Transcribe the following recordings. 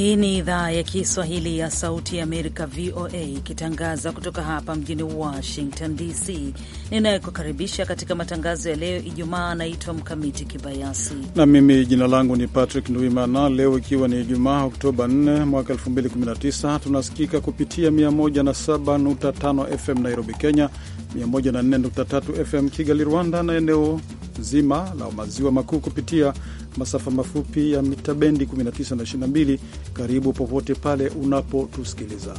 Hii ni idhaa ya Kiswahili ya Sauti ya Amerika, VOA, ikitangaza kutoka hapa mjini Washington DC. Ninayekukaribisha katika matangazo ya leo Ijumaa anaitwa Mkamiti Kibayasi na mimi jina langu ni Patrick Ndwimana. Leo ikiwa ni Ijumaa Oktoba 4 mwaka 2019, tunasikika kupitia 107.5 FM Nairobi, Kenya, 104.3 FM Kigali, Rwanda na eneo zima la maziwa makuu kupitia masafa mafupi ya mita bendi 19 na 22. Karibu popote pale unapotusikiliza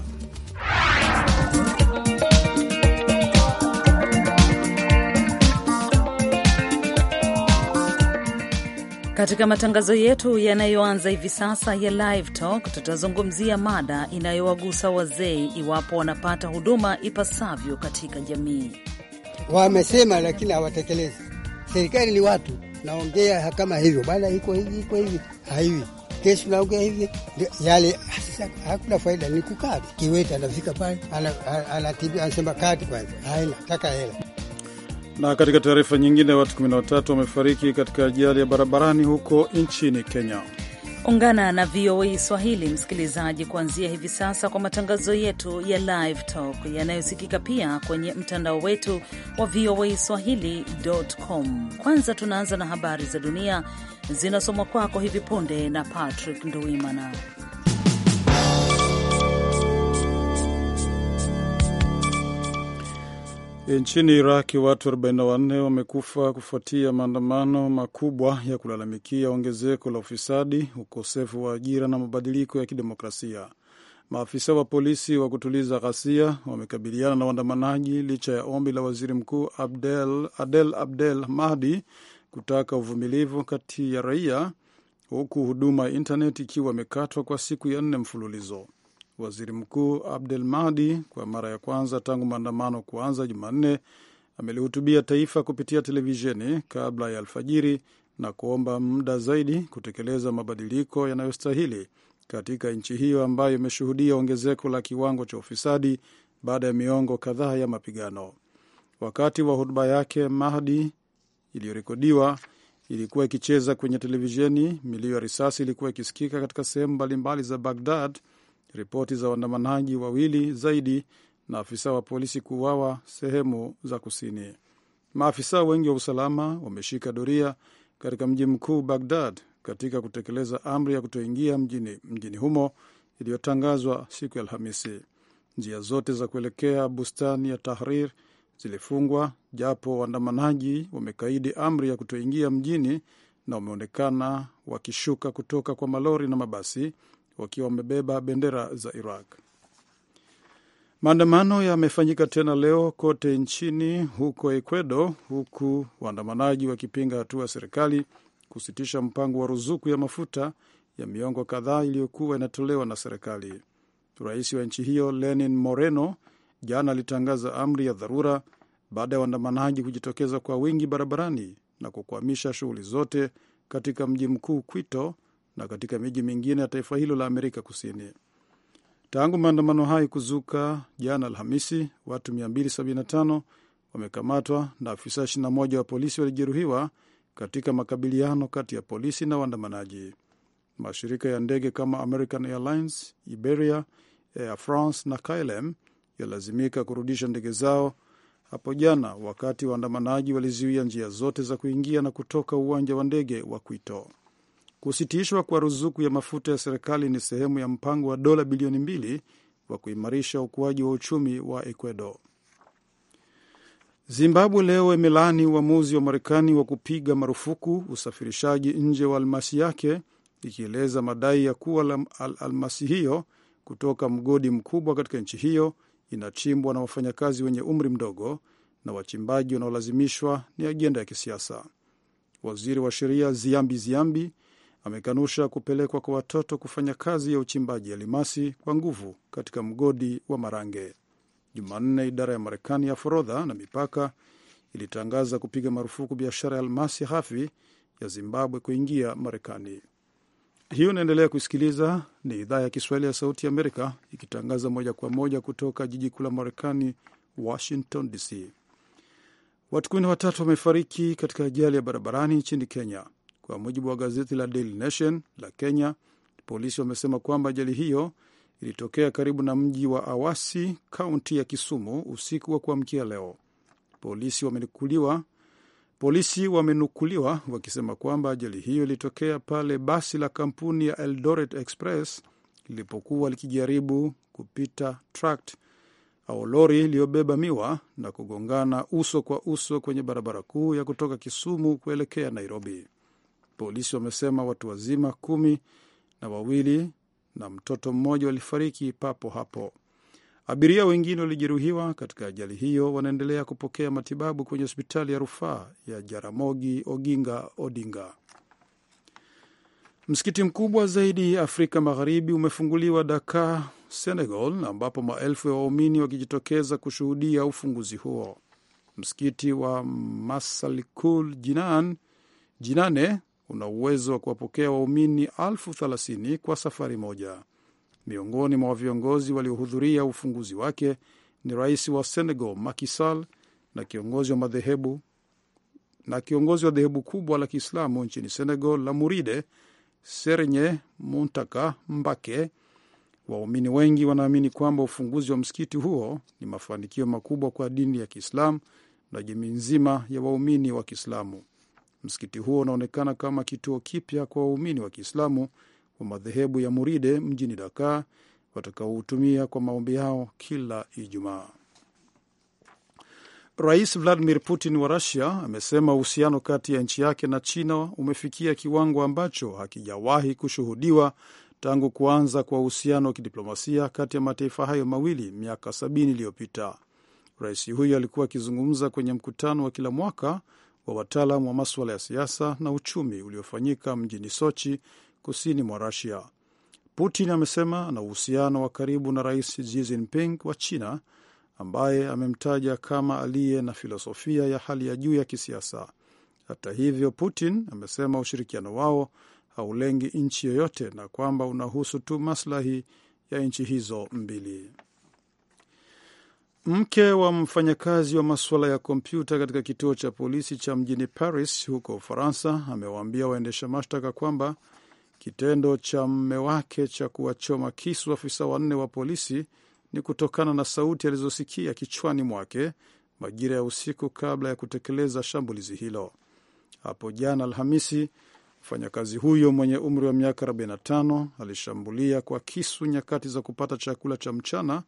Katika matangazo yetu yanayoanza hivi sasa ya Live Talk tutazungumzia mada inayowagusa wazee iwapo wanapata huduma ipasavyo katika jamii. Wamesema lakini hawatekelezi. Serikali ni watu naongea kama hivyo bana, iko hivi, iko hivi, haivi kesi naongea hivi yale. Ah, sasa hakuna faida, ni kukaa kiweta. Anafika pale anatibia, anasema kati kwanza, haina taka hela. Na katika taarifa nyingine, watu 13 wamefariki katika ajali ya barabarani huko nchini Kenya. Ungana na VOA Swahili msikilizaji, kuanzia hivi sasa kwa matangazo yetu ya Live Talk yanayosikika pia kwenye mtandao wetu wa VOA Swahili.com. Kwanza tunaanza na habari za dunia zinasomwa kwako hivi punde na Patrick nduimana E, nchini Iraki watu 44 wamekufa kufuatia maandamano makubwa ya kulalamikia ongezeko la ufisadi, ukosefu wa ajira na mabadiliko ya kidemokrasia. Maafisa wa polisi wa kutuliza ghasia wamekabiliana na waandamanaji licha ya ombi la waziri mkuu Abdel, Adel Abdel Mahdi kutaka uvumilivu kati ya raia, huku huduma ya intaneti ikiwa imekatwa kwa siku ya nne mfululizo. Waziri Mkuu Abdel Mahdi, kwa mara ya kwanza tangu maandamano kuanza Jumanne, amelihutubia taifa kupitia televisheni kabla ya alfajiri na kuomba muda zaidi kutekeleza mabadiliko yanayostahili katika nchi hiyo ambayo imeshuhudia ongezeko la kiwango cha ufisadi baada ya miongo kadhaa ya mapigano. Wakati wa hotuba yake, Mahdi iliyorekodiwa ilikuwa ikicheza kwenye televisheni. Milio ya risasi ilikuwa ikisikika katika sehemu mbalimbali za Bagdad ripoti za waandamanaji wawili zaidi na afisa wa polisi kuuawa sehemu za kusini. Maafisa wengi wa usalama wameshika doria katika mji mkuu Bagdad katika kutekeleza amri ya kutoingia mjini, mjini humo iliyotangazwa siku ya Alhamisi. Njia zote za kuelekea bustani ya Tahrir zilifungwa japo waandamanaji wamekaidi amri ya kutoingia mjini na wameonekana wakishuka kutoka kwa malori na mabasi wakiwa wamebeba bendera za Iraq. Maandamano yamefanyika tena leo kote nchini huko Ecuador, huku waandamanaji wakipinga hatua ya serikali kusitisha mpango wa ruzuku ya mafuta ya miongo kadhaa iliyokuwa inatolewa na serikali. Rais wa nchi hiyo Lenin Moreno jana alitangaza amri ya dharura baada ya waandamanaji kujitokeza kwa wingi barabarani na kukwamisha shughuli zote katika mji mkuu Quito na katika miji mingine ya taifa hilo la Amerika Kusini. Tangu maandamano hayo kuzuka jana Alhamisi, watu 275 wamekamatwa na afisa 21 wa polisi walijeruhiwa katika makabiliano kati ya polisi na waandamanaji. Mashirika ya ndege kama American Airlines, Iberia, Air France na KLM yalazimika kurudisha ndege zao hapo jana, wakati waandamanaji walizuia njia zote za kuingia na kutoka uwanja wa ndege wa Kwito. Kusitishwa kwa ruzuku ya mafuta ya serikali ni sehemu ya mpango wa dola bilioni mbili wa kuimarisha ukuaji wa uchumi wa Ecuador. Zimbabwe leo imelaani uamuzi wa Marekani wa kupiga marufuku usafirishaji nje wa almasi yake, ikieleza madai ya kuwa al almasi hiyo kutoka mgodi mkubwa katika nchi hiyo inachimbwa na wafanyakazi wenye umri mdogo na wachimbaji wanaolazimishwa ni ajenda ya kisiasa. Waziri wa sheria Ziambi Ziambi amekanusha kupelekwa kwa watoto kufanya kazi ya uchimbaji alimasi kwa nguvu katika mgodi wa Marange. Jumanne, idara ya Marekani ya forodha na mipaka ilitangaza kupiga marufuku biashara ya almasi hafi ya Zimbabwe kuingia Marekani. Hiyo inaendelea kusikiliza, ni idhaa ya Kiswahili ya Sauti Amerika ikitangaza moja kwa moja kutoka jiji kuu la Marekani, Washington DC. Watu kumi na watatu wamefariki katika ajali ya barabarani nchini Kenya. Kwa mujibu wa gazeti la Daily Nation la Kenya, polisi wamesema kwamba ajali hiyo ilitokea karibu na mji wa Awasi, kaunti ya Kisumu, usiku wa kuamkia leo. Polisi wamenukuliwa polisi wamenukuliwa wakisema kwamba ajali hiyo ilitokea pale basi la kampuni ya Eldoret Express lilipokuwa likijaribu kupita tract au lori iliyobeba miwa na kugongana uso kwa uso kwenye barabara kuu ya kutoka Kisumu kuelekea Nairobi. Polisi wamesema watu wazima kumi na wawili na mtoto mmoja walifariki papo hapo. Abiria wengine walijeruhiwa katika ajali hiyo wanaendelea kupokea matibabu kwenye hospitali ya rufaa ya Jaramogi Oginga Odinga. Msikiti mkubwa zaidi Afrika Magharibi umefunguliwa Dakar, Senegal, ambapo maelfu ya waumini wakijitokeza kushuhudia ufunguzi huo. Msikiti wa Masalikul Jinan Jinane una uwezo wa kuwapokea waumini elfu thelathini kwa safari moja. Miongoni mwa viongozi waliohudhuria ufunguzi wake ni rais wa Senegal makisal na kiongozi wa madhehebu na kiongozi wa dhehebu kubwa la Kiislamu nchini Senegal la Muride Sernye Muntaka Mbake. Waumini wengi wanaamini kwamba ufunguzi wa msikiti huo ni mafanikio makubwa kwa dini ya Kiislamu na jamii nzima ya waumini wa Kiislamu. Msikiti huo unaonekana kama kituo kipya kwa waumini wa Kiislamu wa madhehebu ya Muride mjini Dakar watakaohutumia kwa maombi yao kila Ijumaa. Rais Vladimir Putin wa Rusia amesema uhusiano kati ya nchi yake na China umefikia kiwango ambacho hakijawahi kushuhudiwa tangu kuanza kwa uhusiano wa kidiplomasia kati ya mataifa hayo mawili miaka sabini iliyopita. Rais huyo alikuwa akizungumza kwenye mkutano wa kila mwaka wa wataalam wa maswala ya siasa na uchumi uliofanyika mjini Sochi, kusini mwa Rusia. Putin amesema ana uhusiano wa karibu na Rais Xi Jinping wa China, ambaye amemtaja kama aliye na filosofia ya hali ya juu ya kisiasa. Hata hivyo, Putin amesema ushirikiano wao haulengi nchi yoyote na kwamba unahusu tu maslahi ya nchi hizo mbili. Mke wa mfanyakazi wa masuala ya kompyuta katika kituo cha polisi cha mjini Paris huko Ufaransa amewaambia waendesha mashtaka kwamba kitendo cha mme wake cha kuwachoma kisu afisa wanne wa polisi ni kutokana na sauti alizosikia kichwani mwake majira ya usiku kabla ya kutekeleza shambulizi hilo. Hapo jana Alhamisi, mfanyakazi huyo mwenye umri wa miaka 45 alishambulia kwa kisu nyakati za kupata chakula cha mchana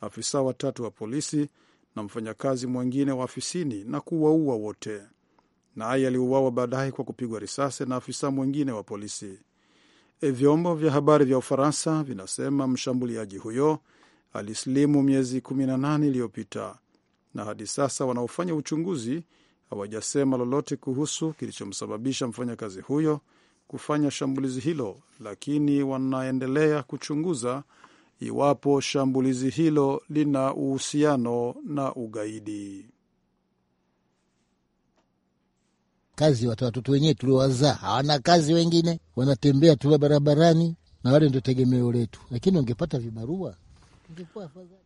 afisa watatu wa polisi na mfanyakazi mwingine wa afisini na kuwaua wote. Naye aliuawa baadaye kwa kupigwa risasi na afisa mwingine wa polisi. E, vyombo vya habari vya Ufaransa vinasema mshambuliaji huyo alisilimu miezi 18 iliyopita, na hadi sasa wanaofanya uchunguzi hawajasema lolote kuhusu kilichomsababisha mfanyakazi huyo kufanya shambulizi hilo, lakini wanaendelea kuchunguza iwapo shambulizi hilo lina uhusiano na ugaidi. Kazi watoto wenyewe tuliowazaa hawana kazi, wengine wanatembea tula barabarani, na wale ndio tegemeo letu, lakini wangepata vibarua afadhali.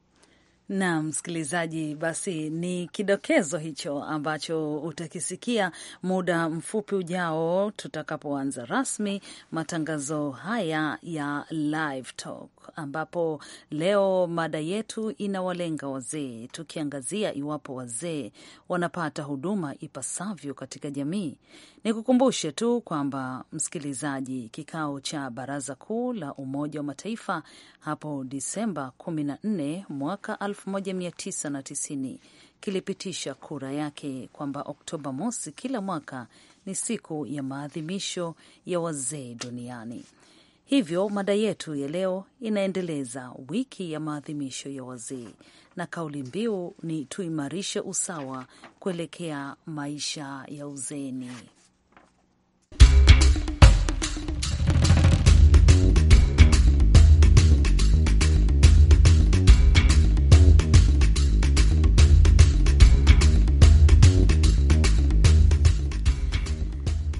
Na msikilizaji, basi ni kidokezo hicho ambacho utakisikia muda mfupi ujao tutakapoanza rasmi matangazo haya ya Live Talk, ambapo leo mada yetu inawalenga wazee, tukiangazia iwapo wazee wanapata huduma ipasavyo katika jamii. Nikukumbushe tu kwamba msikilizaji, kikao cha Baraza Kuu la Umoja wa Mataifa hapo Disemba 14 mwaka 1990 kilipitisha kura yake kwamba Oktoba mosi kila mwaka ni siku ya maadhimisho ya wazee duniani. Hivyo mada yetu ya leo inaendeleza wiki ya maadhimisho ya wazee, na kauli mbiu ni tuimarishe usawa kuelekea maisha ya uzeeni.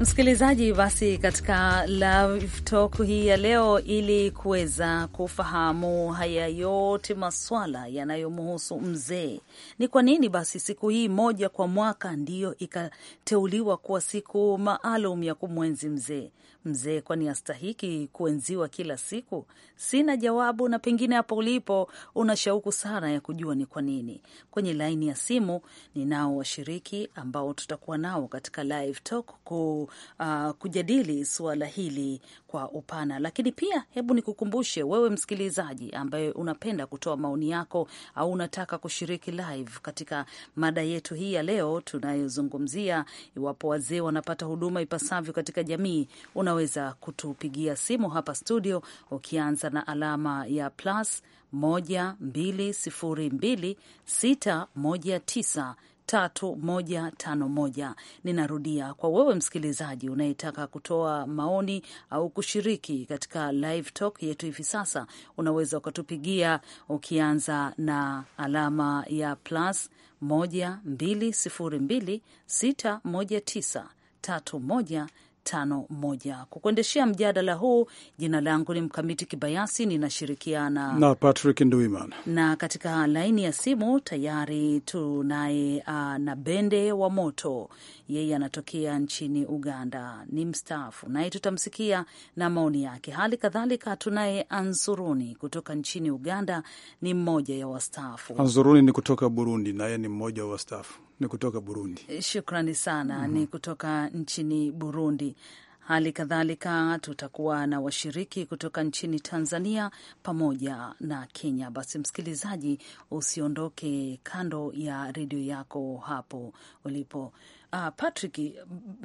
Msikilizaji, basi katika live talk hii ya leo, ili kuweza kufahamu haya yote maswala yanayomhusu mzee, ni kwa nini basi siku hii moja kwa mwaka ndiyo ikateuliwa kuwa siku maalum ya kumwenzi mzee, Mzee, kwani astahiki kuenziwa kila siku? Sina jawabu, na pengine hapo ulipo una shauku sana ya kujua ni kwa nini. Kwenye laini ya simu ninao washiriki ambao tutakuwa nao katika live talk ku, uh, kujadili suala hili kwa upana, lakini pia hebu nikukumbushe wewe msikilizaji ambaye unapenda kutoa maoni yako au unataka kushiriki live katika mada yetu hii ya leo tunayozungumzia, iwapo wazee wanapata huduma ipasavyo katika jamii una unaweza kutupigia simu hapa studio ukianza na alama ya plus 1202619 3151. Ninarudia kwa wewe msikilizaji unayetaka kutoa maoni au kushiriki katika live talk yetu hivi sasa, unaweza ukatupigia ukianza na alama ya plus 120261931 51. Kukuendeshea mjadala huu, jina langu ni Mkamiti Kibayasi, ninashirikiana na Patrick Ndwiman, na katika laini ya simu tayari tunaye uh, na Bende wa Moto, yeye anatokea nchini Uganda, ni mstaafu, naye tutamsikia na maoni yake. Hali kadhalika tunaye Ansuruni kutoka nchini Uganda, ni mmoja ya wastaafu. Ansuruni ni kutoka Burundi, naye ni mmoja wa wastaafu ni kutoka Burundi. Eh, shukrani sana. mm -hmm. Ni kutoka nchini Burundi. Hali kadhalika tutakuwa na washiriki kutoka nchini Tanzania pamoja na Kenya. Basi msikilizaji, usiondoke kando ya redio yako hapo ulipo. Uh, Patrick,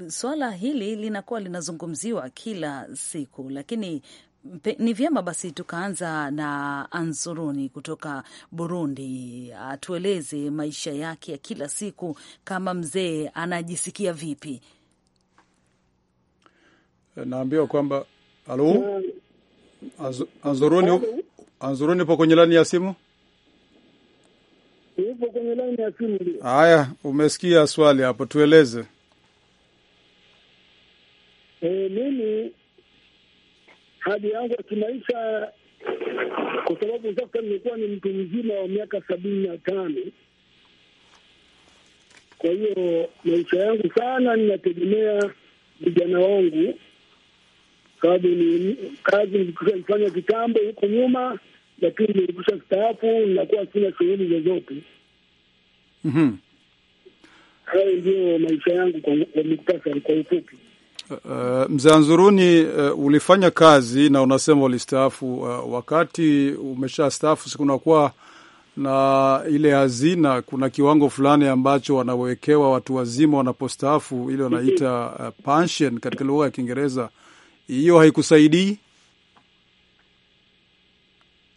suala hili linakuwa linazungumziwa kila siku, lakini ni vyema basi tukaanza na Anzuruni kutoka Burundi, atueleze ah, maisha yake ya kila siku, kama mzee anajisikia vipi? Eh, Naambiwa kwamba halo, Anzuruni, Anzuruni upo kwenye laini ya simu? Upo kwenye laini ya simu? Haya, umesikia swali hapo, tueleze. E, mimi hali yangu ya kimaisha, kwa sababu sasa nimekuwa ni mtu mzima wa miaka sabini na tano. Kwa hiyo maisha yangu sana ninategemea vijana wangu, sababu ni kazi nilikushafanya kitambo huko nyuma, lakini nilikusha staafu, ninakuwa sina shughuli zozote. Mhm. Hayo ndio maisha yangu kwa muktasari, kwa ufupi. Uh, mzee Anzuruni, uh, ulifanya kazi na unasema ulistaafu. Uh, wakati umeshastaafu kunakuwa na ile hazina, kuna kiwango fulani ambacho wanawekewa watu wazima wanapostaafu, ile wanaita uh, pension katika lugha ya Kiingereza. Hiyo haikusaidii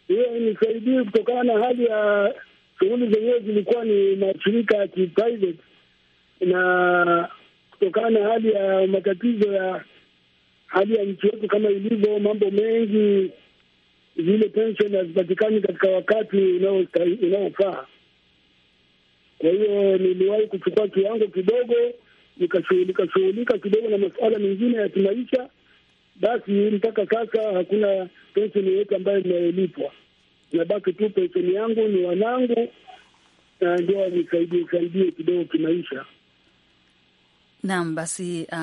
hiyo inisaidii kutokana na hali ya shughuli zenyewe zilikuwa ni mashirika ya kiprivate na kutokana na hali ya matatizo ya hali ya nchi yetu kama ilivyo, mambo mengi, zile pension hazipatikani katika wakati unaofaa. Kwa hiyo niliwahi kuchukua kiwango kidogo, nikashughulika kidogo na masuala mengine ya kimaisha, basi mpaka sasa hakuna pensheni yoyote ambayo inayolipwa. Nabaki tu pensheni yangu ni wanangu, na ndio wanisaidie saidie kidogo kimaisha. Naam, basi uh,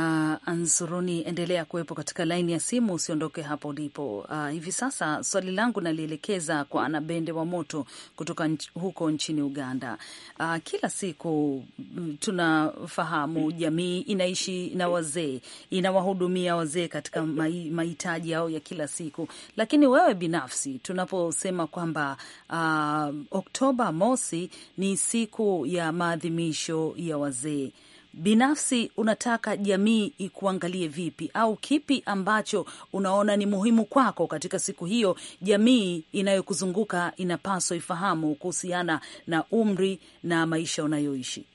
Ansuruni, endelea kuwepo katika laini ya simu, usiondoke hapo ulipo. Uh, hivi sasa swali langu nalielekeza kwa Anabende wa Moto kutoka nch huko nchini Uganda. Uh, kila siku mm, tunafahamu jamii inaishi na wazee, inawahudumia wazee katika mahitaji yao ya kila siku, lakini wewe binafsi, tunaposema kwamba uh, Oktoba mosi ni siku ya maadhimisho ya wazee binafsi unataka jamii ikuangalie vipi, au kipi ambacho unaona ni muhimu kwako katika siku hiyo? Jamii inayokuzunguka inapaswa ifahamu kuhusiana na umri na maisha unayoishi.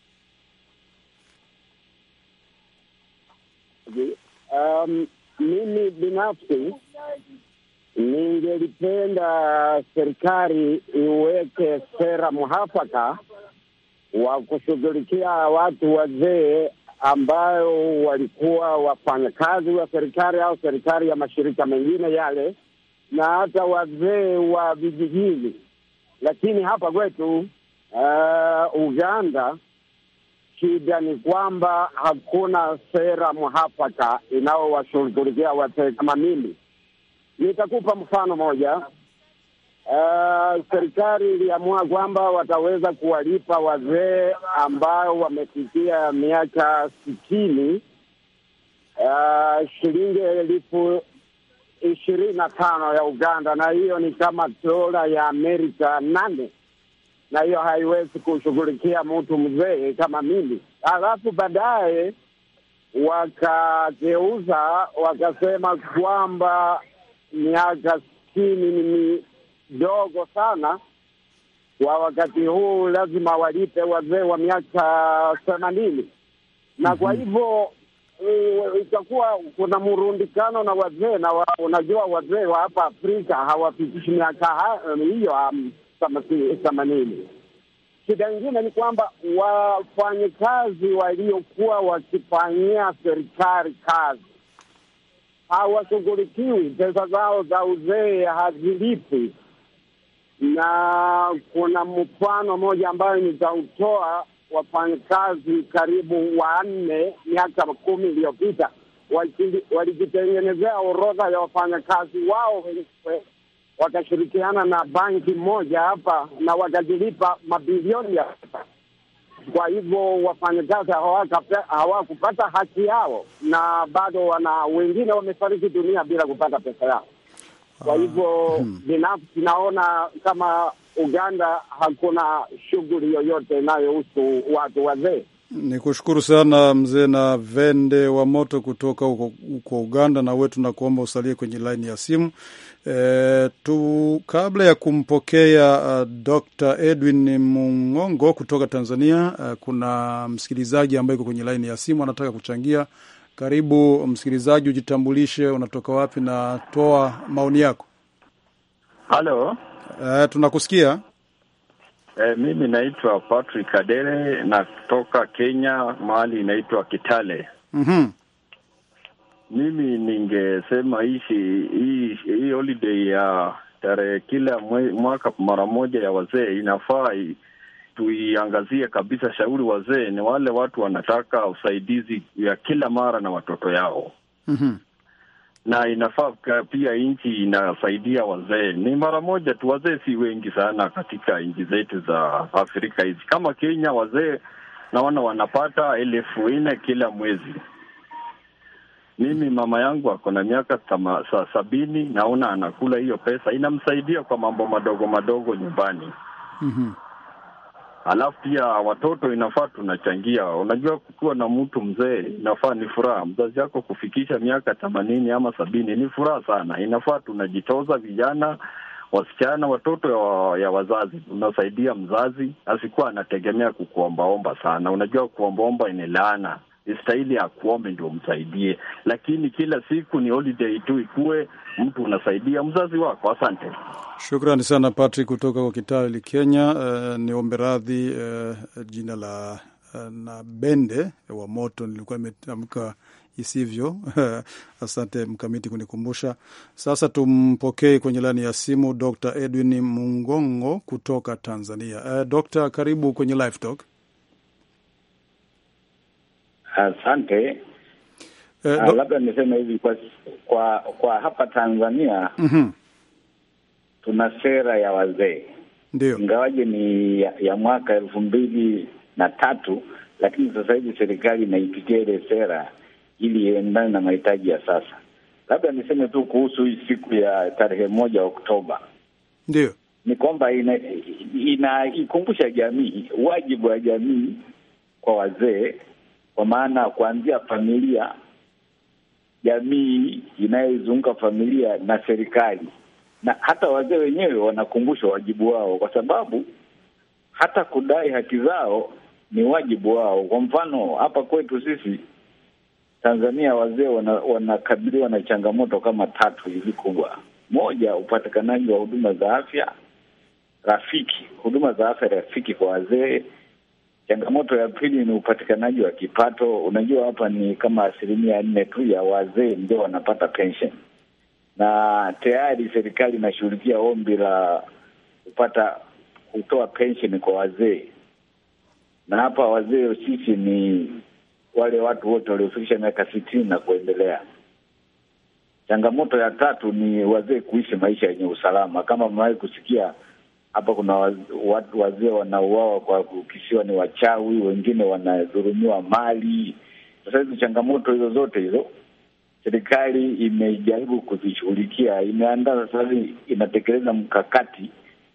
Um, mimi binafsi ningelipenda serikali iweke sera mhafaka wa kushughulikia watu wazee ambayo walikuwa wafanyakazi wa serikali au serikali ya mashirika mengine yale, na hata wazee wa vijijini. Lakini hapa kwetu uh, Uganda, shida ni kwamba hakuna sera mhafaka inayowashughulikia wazee kama mimi. Nitakupa mfano moja. Uh, serikali iliamua kwamba wataweza kuwalipa wazee ambao wamefikia miaka sitini uh, shilingi elfu ishirini na tano ya Uganda, na hiyo ni kama dola ya Amerika nane, na hiyo haiwezi kushughulikia mtu mzee kama mimi. alafu baadaye wakageuza wakasema kwamba miaka sitini ni dogo sana kwa wakati huu, lazima walipe wazee wa miaka themanini na kwa mhm. hivyo itakuwa kuna murundikano na wazee na wa, unajua wazee wa hapa Afrika hawafikishi miaka hiyo um, themanini. Shida ingine ni kwamba wafanyikazi waliokuwa wakifanyia serikali kazi hawashughulikiwi, pesa zao za uzee hazilipi na kuna mfano mmoja ambayo nitautoa. Wafanyakazi karibu wanne miaka kumi iliyopita walijitengenezea orodha ya wafanyakazi wao wenyewe, wakashirikiana na banki moja hapa na wakajilipa mabilioni ya pesa. Kwa hivyo wafanyakazi hawakupata haki yao, na bado wana wengine wamefariki dunia bila kupata pesa yao. Kwa hivyo hmm, binafsi naona kama Uganda hakuna shughuli yoyote inayohusu watu wazee. Ni kushukuru sana mzee na vende wa moto kutoka huko Uganda, na we tunakuomba usalie kwenye laini ya simu e, tu kabla ya kumpokea uh, Dr. Edwin Mung'ongo kutoka Tanzania. Uh, kuna msikilizaji ambaye iko kwenye laini ya simu anataka kuchangia karibu msikilizaji, ujitambulishe, unatoka wapi na toa maoni yako. Halo. E, tunakusikia. E, mimi naitwa Patrick Adere natoka Kenya, mahali inaitwa Kitale. mm-hmm. Mimi ningesema hii hii holiday ya tarehe kila mwaka mara moja ya wazee inafaa tuiangazie kabisa. Shauri wazee ni wale watu wanataka usaidizi ya kila mara na watoto yao mm -hmm. na inafaa pia nchi inasaidia wazee, ni mara moja tu. Wazee si wengi sana katika nchi zetu za Afrika hizi. Kama Kenya, wazee naona wanapata elfu nne kila mwezi. Mimi mama yangu ako na miaka sa sabini, naona anakula hiyo pesa, inamsaidia kwa mambo madogo madogo nyumbani. mm -hmm. Alafu pia watoto inafaa tunachangia. Unajua, kukiwa na mtu mzee inafaa ni furaha. Mzazi yako kufikisha miaka themanini ama sabini ni furaha sana. Inafaa tunajitoza, vijana, wasichana, watoto ya wazazi, unasaidia mzazi asikuwa anategemea kukuombaomba sana. Unajua, kuombaomba ni laana stahili akuombe ndio umsaidie, lakini kila siku ni holiday tu, ikuwe mtu unasaidia mzazi wako. Asante, shukrani sana Patrick kutoka kwa kitali Kenya. Uh, eh, niombe radhi uh, jina la uh, na bende wa moto nilikuwa imetamka isivyo. Asante Mkamiti kunikumbusha. Sasa tumpokee kwenye laini ya simu Dr Edwin Mungongo kutoka Tanzania. Uh, Dr, karibu kwenye Live Talk. Asante. Uh, uh, labda niseme hivi kwa, kwa kwa hapa Tanzania mm -hmm. tuna sera ya wazee ndio, ingawaje ni ya, ya mwaka elfu mbili na tatu, lakini sasa hivi serikali inaipitia ile sera ili iendane na mahitaji ya sasa. Labda niseme tu kuhusu hii siku ya tarehe moja Oktoba, ndio ni kwamba inaikumbusha ina, jamii wajibu wa jamii kwa wazee kwa maana kuanzia familia, jamii inayoizunguka familia na serikali, na hata wazee wenyewe wanakumbushwa wajibu wao, kwa sababu hata kudai haki zao ni wajibu wao. Kwa mfano hapa kwetu sisi Tanzania, wazee wanakabiliwa wana na changamoto kama tatu hivi kubwa. Moja, upatikanaji wa huduma za afya rafiki, huduma za afya rafiki kwa wazee Changamoto ya pili ni upatikanaji wa kipato. Unajua, hapa ni kama asilimia nne tu ya wazee ndio wanapata pension, na tayari serikali inashughulikia ombi la kupata kutoa pension kwa wazee, na hapa wazee sisi ni wale watu wote waliofikisha miaka sitini na kuendelea. Changamoto ya tatu ni wazee kuishi maisha yenye usalama. Kama mmewahi kusikia hapa kuna watu wazee wanauawa kwa kukisiwa ni wachawi, wengine wanadhulumiwa mali. Sasa hizi changamoto hizo zote hizo serikali imejaribu kuzishughulikia, imeandaa sasa hivi inatekeleza mkakati,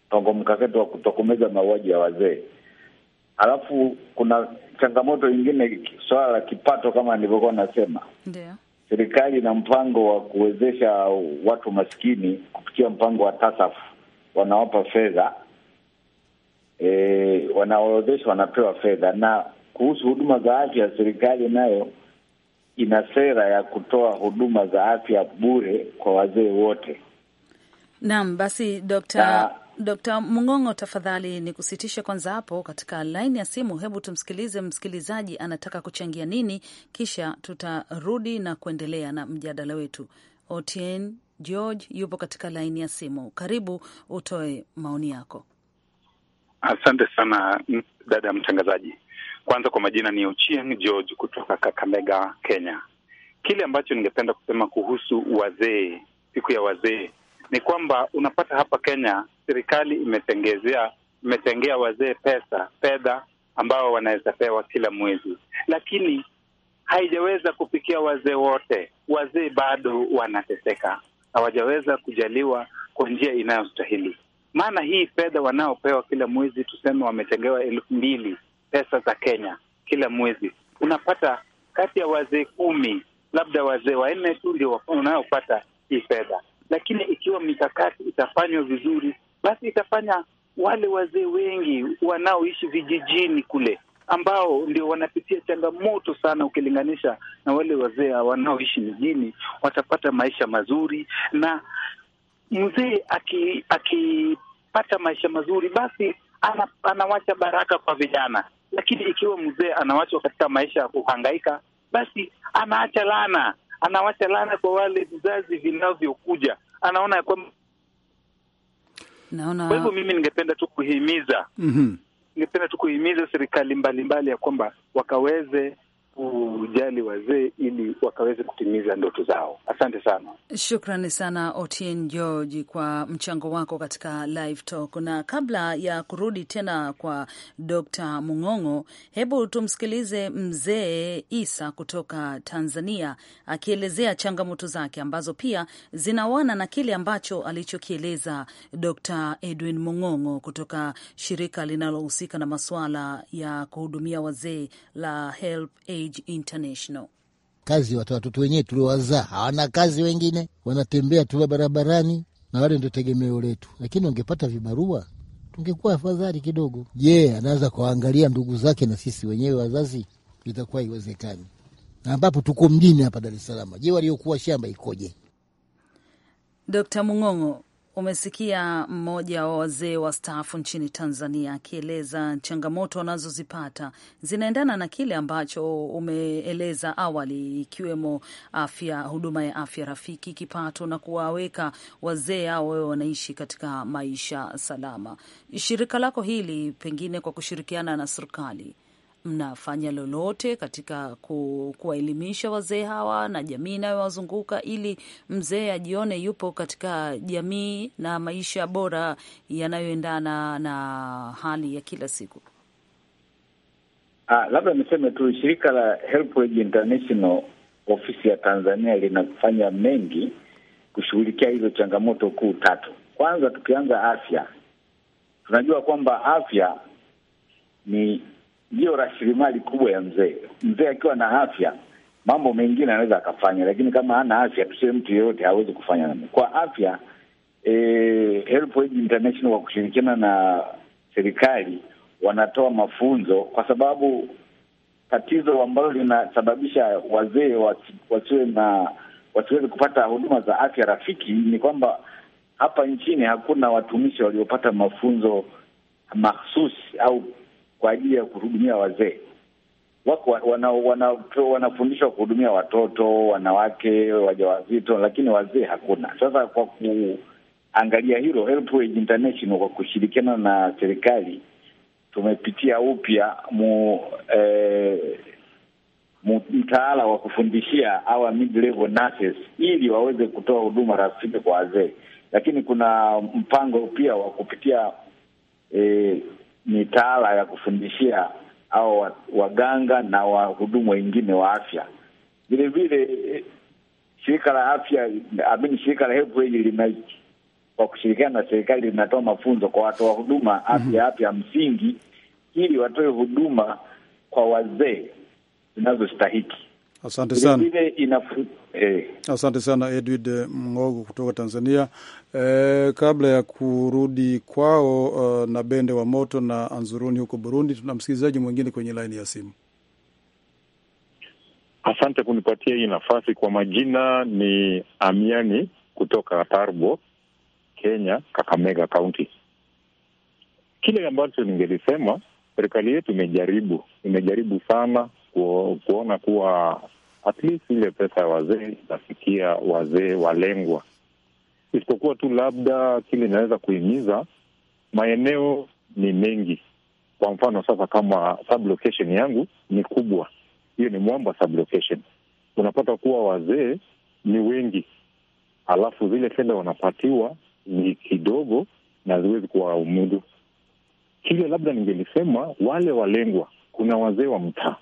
mpango mkakati wa kutokomeza mauaji ya wazee. Halafu kuna changamoto nyingine, swala la kipato, kama nilivyokuwa nasema, ndio serikali ina mpango wa kuwezesha watu maskini kupitia mpango wa TASAFU wanawapa fedha e, wanaorodheshwa wanapewa fedha. Na kuhusu huduma za afya, serikali nayo ina sera ya kutoa huduma za afya bure kwa wazee wote. Naam, basi Dokta Dokta Mng'ong'o, tafadhali ni kusitishe kwanza hapo katika laini ya simu. Hebu tumsikilize msikilizaji anataka kuchangia nini, kisha tutarudi na kuendelea na mjadala wetu. Otieno George yupo katika laini ya simu. Karibu utoe maoni yako. Asante sana dada ya mtangazaji. Kwanza kwa majina ni Ochieng George kutoka Kakamega, Kenya. Kile ambacho ningependa kusema kuhusu wazee, siku ya wazee, ni kwamba unapata hapa Kenya serikali imetengezea imetengea wazee pesa fedha ambao wanaweza pewa kila mwezi, lakini haijaweza kufikia wazee wote. Wazee bado wanateseka hawajaweza kujaliwa kwa njia inayostahili. Maana hii fedha wanaopewa kila mwezi, tuseme wametengewa elfu mbili pesa za Kenya kila mwezi, unapata kati ya wazee kumi labda wazee wanne tu ndio unayopata hii fedha. Lakini ikiwa mikakati itafanywa vizuri, basi itafanya wale wazee wengi wanaoishi vijijini kule ambao ndio wanapitia changamoto sana ukilinganisha na wale wazee wanaoishi mijini, watapata maisha mazuri. Na mzee akipata aki maisha mazuri, basi ana, anawacha baraka kwa vijana, lakini ikiwa mzee anawachwa katika maisha ya kuhangaika, basi anaacha lana, anawacha lana kwa wale vizazi vinavyokuja, anaona ya kwamba naona. Kwa hivyo mimi ningependa tu kuhimiza mm -hmm ningependa tu kuhimiza serikali mbalimbali ya kwamba wakaweze kujali wazee ili wakaweze kutimiza ndoto zao. Asante sana, shukrani sana Otien George kwa mchango wako katika Live Talk. Na kabla ya kurudi tena kwa Dr. Mung'ong'o, hebu tumsikilize mzee Isa kutoka Tanzania akielezea changamoto zake ambazo pia zinawana na kile ambacho alichokieleza Dr. Edwin Mung'ong'o kutoka shirika linalohusika na masuala ya kuhudumia wazee la Help Aid Age International. Kazi watu watoto wenyewe tuliwazaa hawana kazi, wengine wanatembea tuwa barabarani, na wale ndio tegemeo letu, lakini wangepata vibarua tungekuwa afadhali kidogo. Je, yeah, anaweza kuwaangalia ndugu zake na sisi wenyewe wazazi, itakuwa iwezekani, na ambapo tuko mjini hapa Dar es Salaam. Je, waliokuwa shamba ikoje? Dkt Mung'ong'o, Umesikia mmoja wa wazee wa stafu nchini Tanzania akieleza changamoto wanazozipata zinaendana na kile ambacho umeeleza awali, ikiwemo afya, huduma ya afya rafiki, kipato na kuwaweka wazee hao wewe wanaishi katika maisha salama. Shirika lako hili pengine kwa kushirikiana na serikali mnafanya lolote katika ku, kuwaelimisha wazee hawa na jamii inayowazunguka ili mzee ajione yupo katika jamii na maisha bora yanayoendana na hali ya kila siku? Ah, labda niseme tu shirika la Helpage International ofisi ya Tanzania linafanya mengi kushughulikia hizo changamoto kuu tatu. Kwanza tukianza afya, tunajua kwamba afya ni ndiyo rasilimali kubwa ya mzee. Mzee akiwa na afya, mambo mengine anaweza akafanya, lakini kama hana afya, tusiwe mtu yeyote hawezi kufanya nani. Kwa afya eh, International kwa kushirikiana na serikali wanatoa mafunzo, kwa sababu tatizo ambalo linasababisha wazee wasiwe na wasiweze kupata huduma za afya rafiki ni kwamba hapa nchini hakuna watumishi waliopata mafunzo mahsusi au kwa ajili ya kuhudumia wazee wako wanafundishwa wana, wana, wana kuhudumia watoto, wanawake wajawazito, lakini wazee hakuna. Sasa kwa kuangalia hilo, Helpage International kwa kushirikiana na serikali tumepitia upya mu, eh, mtaala wa kufundishia awa mid level nurses ili waweze kutoa huduma rafiki kwa wazee, lakini kuna mpango pia wa kupitia eh, mitaala ya kufundishia au waganga na wahudumu wengine wa afya. Vile vile eh, shirika la afya amini, shirika la health lina kwa kushirikiana na serikali linatoa mafunzo kwa watoa huduma afya mhm. afya msingi, ili watoe huduma kwa wazee zinazostahiki. Asante sana, eh. Asante sana Edwid eh, mngogo kutoka Tanzania. Eh, kabla ya kurudi kwao, uh, na Bende wa Moto na Anzuruni huko Burundi, tuna msikilizaji mwingine kwenye laini ya simu. Asante kunipatia hii nafasi. Kwa majina ni Amiani kutoka Tarbo, Kenya, Kakamega Kaunti. Kile ambacho ningelisema serikali yetu imejaribu imejaribu sana kuona kuwa at least ile pesa ya wazee inafikia wazee walengwa, isipokuwa tu labda kile inaweza kuhimiza, maeneo ni mengi. Kwa mfano sasa, kama sublocation yangu ni kubwa, hiyo ni mwamba sublocation, unapata kuwa wazee ni wengi, alafu zile fedha wanapatiwa ni kidogo na ziwezi kuwaumudu. Kile labda ningelisema, wale walengwa, kuna wazee wa mtaa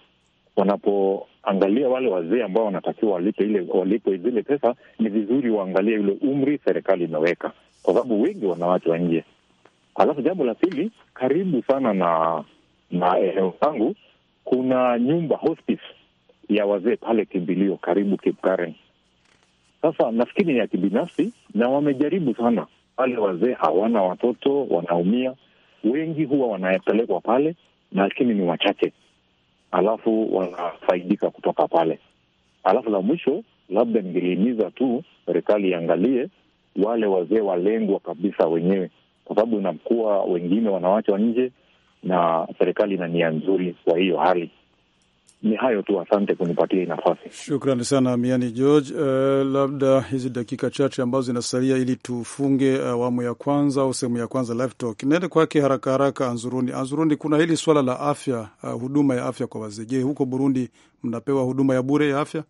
wanapo angalia wale wazee ambao wanatakiwa walipe ile walipwe zile pesa, ni vizuri waangalie ule umri serikali imeweka, kwa sababu wengi wanawachwa nje. Alafu jambo la pili, karibu sana na na eneo zangu kuna nyumba hospice ya wazee pale Kimbilio, karibu Karen. Sasa nafikiri ni ya kibinafsi na wamejaribu sana wale wazee hawana watoto, wanaumia wengi, huwa wanapelekwa pale, lakini ni wachache alafu wanafaidika kutoka pale. Alafu la mwisho, labda ningelihimiza tu serikali iangalie wale wazee walengwa kabisa wenyewe, kwa sababu inakuwa wengine wanawachwa nje na serikali ina nia nzuri kwa hiyo hali ni hayo tu, asante kunipatia hii nafasi. Shukrani sana Miani George. Uh, labda hizi dakika chache ambazo zinasalia ili tufunge eh, awamu uh, ya kwanza au sehemu ya kwanza live talk, niende kwake haraka haraka. Anzuruni, Anzuruni, kuna hili swala la afya, uh, huduma ya afya kwa wazee. Je, huko Burundi mnapewa huduma ya bure ya afya?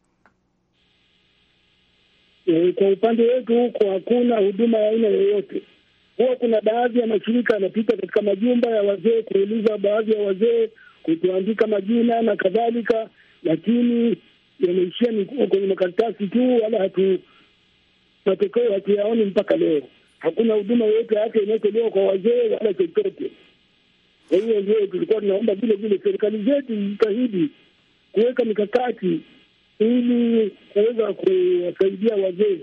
E, kwa upande wetu huko hakuna huduma ya aina yoyote. Huwa kuna baadhi ya mashirika yanapita katika majumba ya wazee kuuliza baadhi ya wazee kutuandika majina na kadhalika, lakini yameishia kwenye makaratasi tu, wala hatu matokeo hatuyaoni mpaka leo. Hakuna huduma yoyote yake inayotolewa kwa wazee wala chochote. Kwa hiyo ndio tulikuwa tunaomba vile vile serikali zetu zijitahidi kuweka mikakati ili kuweza kuwasaidia wazee,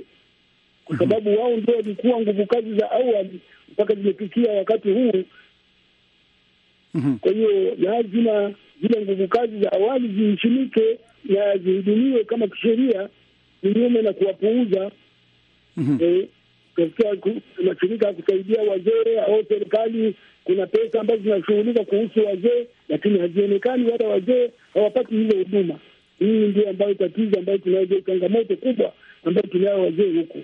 kwa sababu wao ndio walikuwa nguvu kazi za awali mpaka zimefikia wakati huu hmm Kwa hiyo lazima zile nguvu kazi za awali ziheshimike na zihudumiwe kama kisheria, kinyume na kuwapuuza mm-hmm. E, katika mashirika ya kusaidia wazee au serikali, kuna pesa ambazo zinashughulika kuhusu wazee, lakini hazionekani, wala wazee hawapati hizo huduma. Hii ndio ambayo tatizo ambayo tunayo, changamoto kubwa ambayo tunayo wazee huku.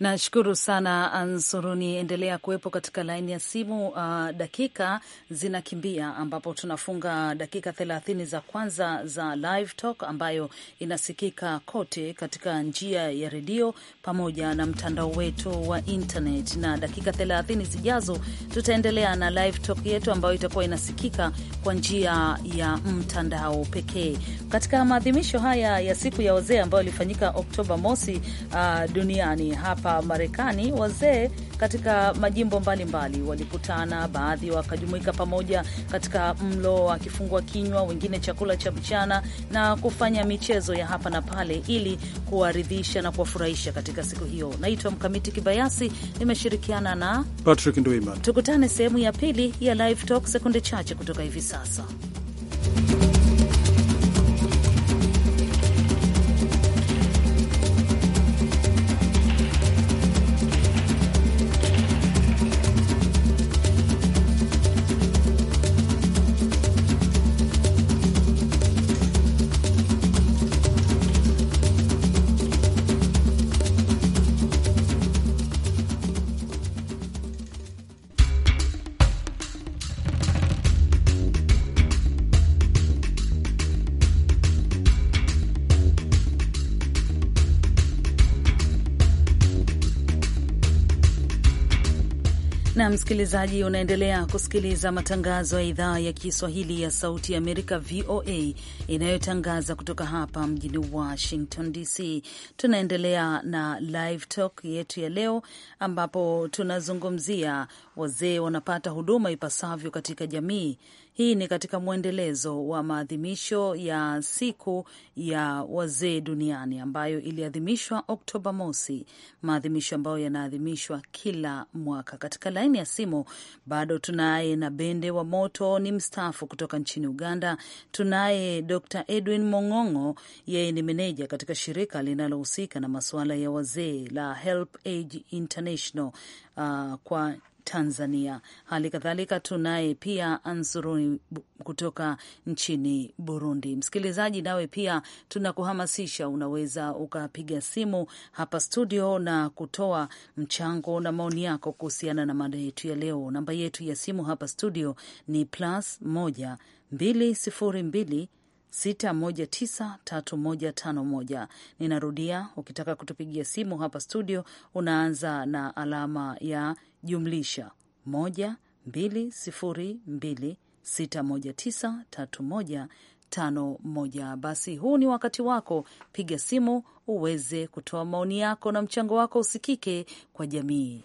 Nashukuru sana Ansuruni, endelea kuwepo katika laini ya simu. Uh, dakika zinakimbia, ambapo tunafunga dakika thelathini za kwanza za Live Talk ambayo inasikika kote katika njia ya redio pamoja na mtandao wetu wa internet, na dakika thelathini zijazo tutaendelea na Live Talk yetu ambayo itakuwa inasikika kwa njia ya mtandao pekee. Katika maadhimisho haya ya siku ya wazee ambayo ilifanyika Oktoba mosi uh, duniani hapa hapa Marekani, wazee katika majimbo mbalimbali walikutana, baadhi wakajumuika pamoja katika mlo wa kifungua kinywa, wengine chakula cha mchana na kufanya michezo ya hapa na pale ili kuwaridhisha na kuwafurahisha katika siku hiyo. Naitwa Mkamiti Kibayasi, nimeshirikiana na Patrick Ndwima. Tukutane sehemu ya pili ya Live Talk sekunde chache kutoka hivi sasa. tena msikilizaji, unaendelea kusikiliza matangazo ya idhaa ya Kiswahili ya Sauti ya Amerika, VOA, inayotangaza kutoka hapa mjini Washington DC. Tunaendelea na live talk yetu ya leo, ambapo tunazungumzia wazee wanapata huduma ipasavyo katika jamii hii ni katika mwendelezo wa maadhimisho ya siku ya wazee duniani ambayo iliadhimishwa Oktoba mosi, maadhimisho ambayo yanaadhimishwa kila mwaka. Katika laini ya simu bado tunaye na Bende wa Moto, ni mstaafu kutoka nchini Uganda. Tunaye Dr Edwin Mong'ong'o, yeye ni meneja katika shirika linalohusika na masuala ya wazee la Help Age International uh, kwa Tanzania. Hali kadhalika tunaye pia Ansuruni kutoka nchini Burundi. Msikilizaji, nawe pia tunakuhamasisha, unaweza ukapiga simu hapa studio na kutoa mchango na maoni yako kuhusiana na mada yetu ya leo. Namba yetu ya simu hapa studio ni plus 1 202 6193151. Ninarudia, ukitaka kutupigia simu hapa studio unaanza na alama ya jumlisha 12026193151. Basi huu ni wakati wako, piga simu uweze kutoa maoni yako na mchango wako usikike kwa jamii.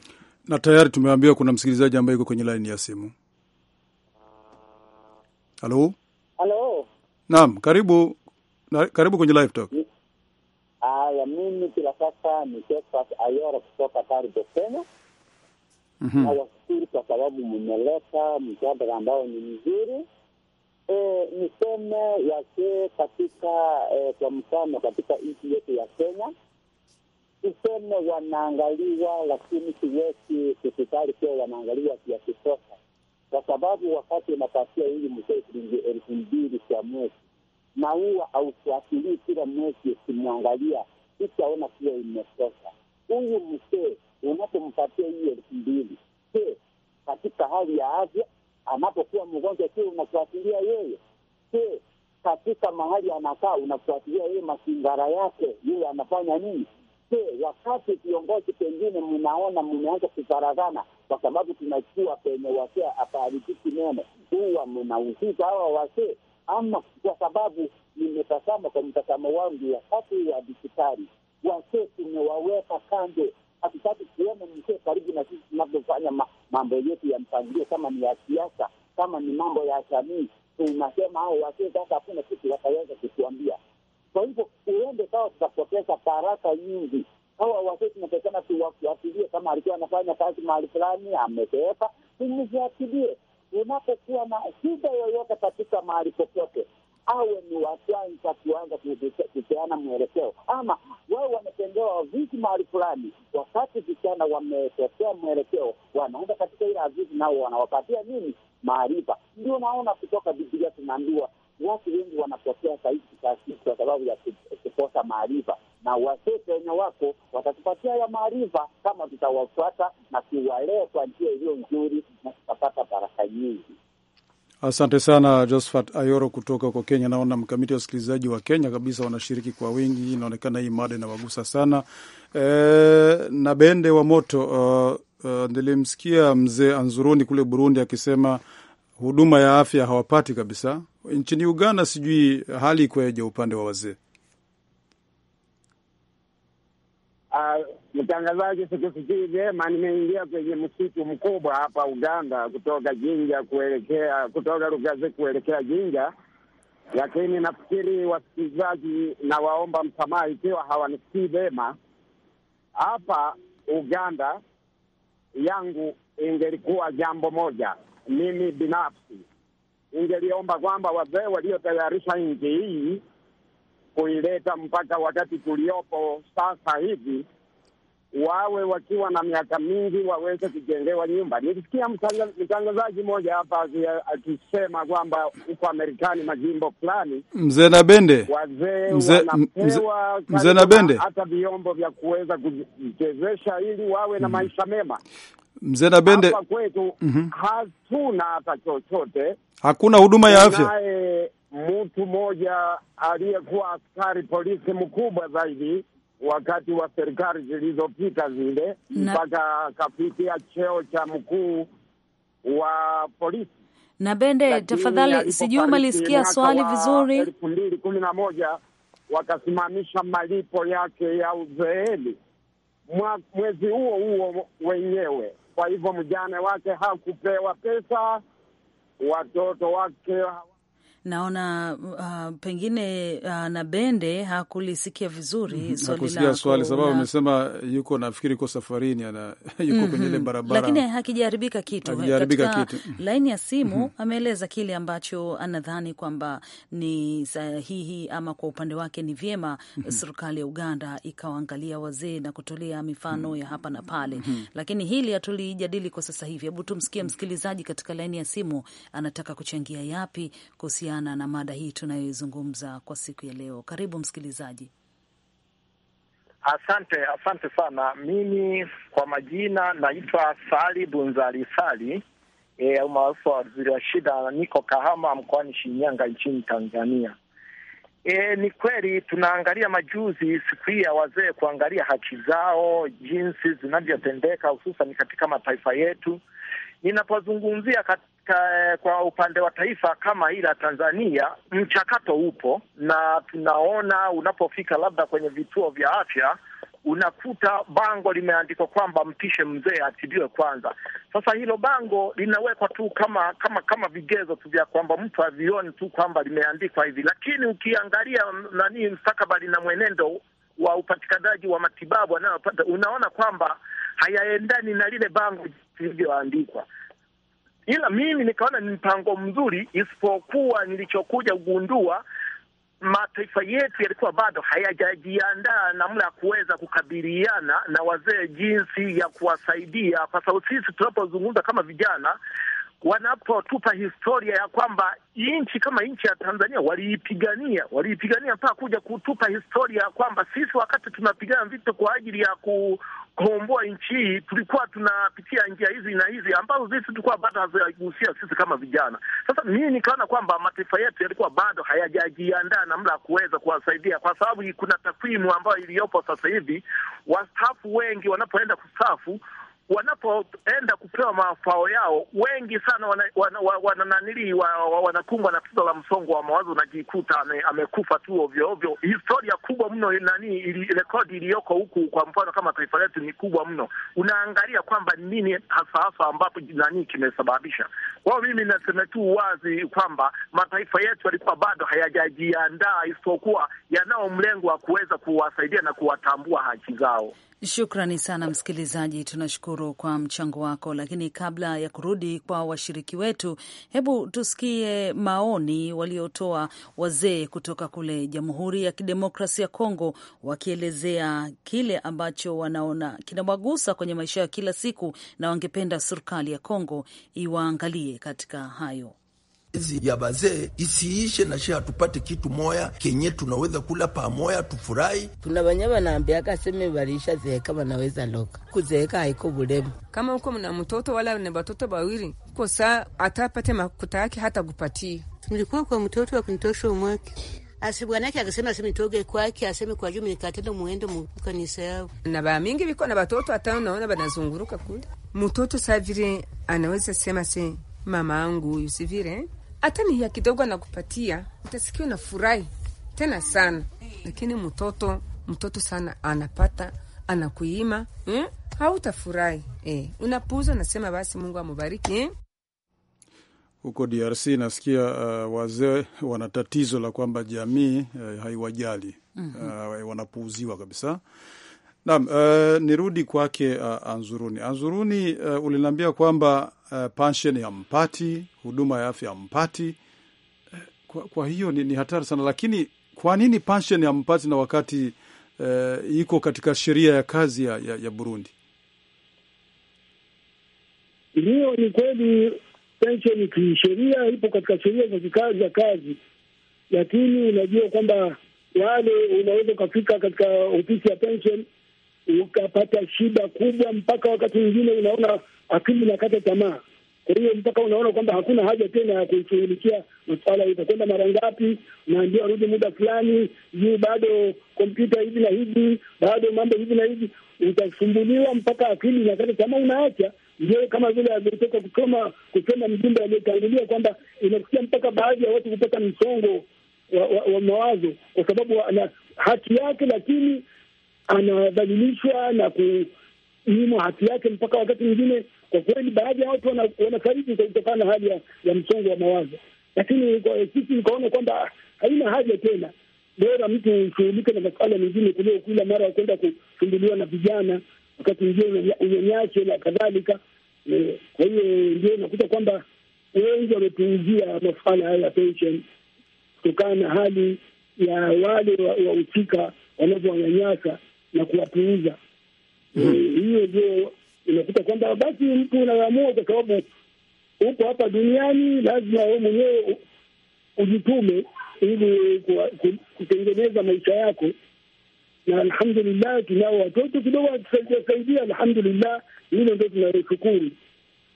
Na tayari tumeambiwa kuna msikilizaji ambaye yuko kwenye laini ya simu. Halo, halo. Naam, karibu na, karibu kwenye live talk. Haya, mimi kila sasa ni Ayora kutoka Karibo, Kenya mm-hmm. Nawashukuru kwa sababu mmeleta mjadala ambayo ni mzuri. E, niseme wazee katika e, kwa mfano katika nchi yetu ya Kenya tuseme wanaangaliwa, lakini siwezi kusikali kuwa wanaangaliwa vya kutosha, kwa sababu wakati unapatia huyu mzee shilingi elfu mbili kwa mwezi na huwa aufuatilii kila mwezi ukimwangalia, sichaona kuwa imetosha. Huyu mzee unapompatia hii elfu mbili je, katika hali ya afya anapokuwa mgonjwa, je, unafuatilia yeye? Je, katika mahali anakaa unafuatilia yeye, mazingara yake, yule anafanya nini? Je, wakati viongozi pengine mnaona mmeanza kufaragana kwa sababu tunachua penye wasee apaharibiki neno, huwa mnahusika hawa wasee ama kwa sababu nimetazama kwa mtazamo wangu, wakati wa dijitali wasee tumewaweka kando hatutaki kuona mkee karibu na sisi tunavyofanya mambo yetu ya mpangilio, kama ni ya siasa, kama ni mambo ya jamii, tunasema hao wazee sasa, hakuna kitu wataweza kutuambia. Kwa hivyo uende sawa, tutapoteza baraka nyingi. Hawa wazee tunatakana tuwafuatilie, kama alikuwa anafanya kazi mahali fulani, amezeeka, tumuziatilie. Unapokuwa na shida yoyote katika mahali popote awe ni wa kwanza kuanza kupeana mwelekeo, ama wao wametendewa vitu mahali fulani, wakati vijana wametokea mwelekeo, wanaenda katika ile azizi, nao wanawapatia nini maarifa. Ndio naona kutoka Biblia tunaambiwa watu wengi wanapotea sahizi kwa sababu ya kukosa maarifa, na wazee penye wako watatupatia ya maarifa kama tutawafuata na kuwalea kwa njia iliyo nzuri, na tutapata baraka nyingi. Asante sana Josphat Ayoro kutoka huko Kenya. Naona mkamiti wasikilizaji wa Kenya kabisa wanashiriki kwa wingi, inaonekana hii mada inawagusa sana. E, na bende wa moto uh, uh, nilimsikia mzee Anzuruni kule Burundi akisema huduma ya afya hawapati kabisa. Nchini Uganda sijui hali ikweja upande wa wazee uh... Mtangazaji, sikusikii vyema. Nimeingia kwenye msitu mkubwa hapa Uganda, kutoka Jinja kuelekea kutoka Rugazi kuelekea Jinja, lakini nafikiri wasikilizaji, nawaomba msamaha ikiwa hawanisikii vyema. Hapa Uganda yangu ingelikuwa jambo moja, mimi binafsi ingeliomba kwamba wazee waliotayarisha nchi hii kuileta mpaka wakati tuliopo sasa hivi wawe wakiwa na miaka mingi waweze kujengewa nyumba. Nilisikia mtangazaji mmoja hapa akisema kwamba huko Amerikani majimbo fulani, mzee Nabende, wazee wanapewa mzee hata vyombo vya kuweza kuchezesha ili wawe na mm. maisha mema. Mzee Nabende, hapa kwetu mhm. hatuna hata chochote, hakuna huduma ya afya. Mtu mmoja aliyekuwa askari polisi mkubwa zaidi wakati wa serikali zilizopita zile mpaka akafikia cheo cha mkuu wa polisi. Na Bende, tafadhali, sijui umelisikia swali vizuri. elfu mbili kumi na moja wakasimamisha malipo yake ya uzeeni mwezi huo huo wenyewe. Kwa hivyo mjane wake hakupewa pesa, watoto wake Naona uh, pengine uh, na bende hakulisikia vizuri mm Swali, sababu amesema yuko nafikiri yuko safarini ana yuko mm -hmm. kwenye ile mhm. barabara, lakini hakijaharibika kitu hakijaharibika katika laini ya simu mm -hmm. Ameeleza kile ambacho anadhani kwamba ni sahihi ama kwa upande wake ni vyema mm -hmm. serikali ya Uganda ikawaangalia wazee na kutolea mifano mm -hmm. ya hapa na pale mm -hmm. Lakini hili hatulijadili kwa sasa hivi. Hebu tumsikie msikilizaji katika laini ya simu anataka kuchangia yapi kuhusiana kuhusiana na mada hii tunayoizungumza kwa siku ya leo. Karibu msikilizaji. Asante, asante sana. Mimi kwa majina naitwa Sali Bunzali Sali e, umaarufu e, wa waziri wa shida, niko Kahama mkoani Shinyanga nchini Tanzania. E, ni kweli tunaangalia majuzi siku hii ya wazee kuangalia haki zao jinsi zinavyotendeka hususan katika mataifa yetu. Ninapozungumzia Eh, kwa upande wa taifa kama hili la Tanzania mchakato upo, na tunaona unapofika labda kwenye vituo vya afya unakuta bango limeandikwa kwamba mpishe mzee atibiwe kwanza. Sasa hilo bango linawekwa tu kama kama kama vigezo tu vya kwamba mtu avioni tu kwamba limeandikwa hivi, lakini ukiangalia nani mstakabali na mwenendo wa upatikanaji wa matibabu anayopata unaona kwamba hayaendani na lile bango lilivyoandikwa ila mimi nikaona ni mpango mzuri, isipokuwa nilichokuja kugundua mataifa yetu yalikuwa bado hayajajiandaa namna ya kuweza kukabiliana na wazee, jinsi ya kuwasaidia, kwa sababu sisi tunapozungumza kama vijana wanapotupa historia ya kwamba nchi kama nchi ya Tanzania waliipigania, waliipigania mpaka kuja kutupa historia ya kwamba sisi wakati tunapigana vita kwa ajili ya kukomboa nchi hii tulikuwa tunapitia njia hizi na hizi ambazo sisi tulikuwa bado hazijagusia sisi kama vijana. Sasa mimi nikaona kwamba mataifa yetu yalikuwa bado hayajajiandaa namna ya kuweza kuwasaidia, kwa sababu kuna takwimu ambayo iliyopo sasa hivi, wastaafu wengi wanapoenda kustaafu wanapoenda kupewa mafao yao, wengi sana wananili wana, wana, wana wanakumbwa na tatizo la msongo wa mawazo, unajikuta amekufa tu ovyo ovyo. Historia kubwa mno nani ili, rekodi iliyoko huku, kwa mfano kama taifa letu ni kubwa mno, unaangalia kwamba nini hasa hasa ambapo nani kimesababisha. kwao mimi nasema tu wazi kwamba mataifa yetu yalikuwa bado hayajajiandaa, isipokuwa yanao mlengo wa kuweza kuwasaidia na kuwatambua haki zao. Shukrani sana msikilizaji, tunashukuru kwa mchango wako. Lakini kabla ya kurudi kwa washiriki wetu, hebu tusikie maoni waliotoa wazee kutoka kule Jamhuri ya Kidemokrasia ya Kongo, wakielezea kile ambacho wanaona kinawagusa kwenye maisha ya kila siku na wangependa serikali ya Kongo iwaangalie katika hayo ya bazee isiishe na nashe, tupate kitu moya kenye tunaweza kula pamoya tufurahi. Tuna banye banaambiaka seme barisha zeeka banaweza loka kuzeeka haiko bulemu. Kama huko mna mtoto wala ni batoto bawiri uko saa atapate makuta yake hata kupatia. Nilikuwa kwa mtoto wa kunitosha umwake asi bwanake akasema aseme nitoge kwake aseme kwa juu nikatenda muende mu kanisa yao na ba mingi biko na batoto hata naona banazunguruka kule mtoto savile anaweza sema se mama angu yusivile hata ni ya kidogo anakupatia, utasikia furahi tena sana. Lakini mtoto mtoto sana anapata anakuima hmm? Hautafurahi eh, unapuuza, unasema basi Mungu amubariki eh? Huko DRC nasikia uh, wazee wana tatizo la kwamba jamii uh, haiwajali mm -hmm. uh, wanapuuziwa kabisa Naam, uh, nirudi kwake uh, Anzuruni. Anzuruni, uh, uliniambia kwamba uh, pension ya mpati, huduma ya afya ya mpati. Kwa, kwa hiyo ni, ni hatari sana, lakini kwa nini pension ya mpati na wakati uh, iko katika sheria ya kazi ya, ya, ya Burundi? Hiyo ni kweli, pension kisheria ipo katika sheria za kikazi za kazi, lakini unajua kwamba wale unaweza ukafika katika ofisi ya pension ukapata shida kubwa, mpaka wakati mwingine unaona akili inakata tamaa. Kwa hiyo mpaka unaona kwamba hakuna haja tena ya kushughulikia masuala, itakwenda mara ngapi, naambia arudi muda fulani, juu bado kompyuta hivi na hivi, bado mambo hivi na hivi, utasumbuliwa mpaka akili inakata tamaa, unaacha ndio kama vile alivyotoka kusoma kusema mjumbe aliyetangulia kwamba inafikia mpaka baadhi ya watu kupata msongo wa, wa, wa mawazo kwa sababu haki yake, lakini anadhalilishwa na kunyimwa haki yake, mpaka wakati mwingine kwa kweli baadhi ya watu wanafariki kutokana na hali ya msongo wa mawazo. Lakini sisi nikaona kwamba haina haja tena, bora mtu ushughulike na masuala mengine kulio kila mara kwenda kusumbuliwa na vijana, wakati mwingine unyanyaswe na kadhalika. E, kwa hiyo ndio unakuta kwamba wengi wamepuuzia masuala haya ya kutokana na hali ya wale wahusika wanavyowanyanyasa na kuwapuuza. Mhm. Eh, hiyo ndio unakuta kwamba basi mtu unaamua, kwa sababu upo hapa duniani, lazima wewe mwenyewe ujitume ili kutengeneza maisha yako. Na alhamdulillah tunao watoto kidogo watusaidia saidia, alhamdulillah, hilo ndio tunaloshukuru.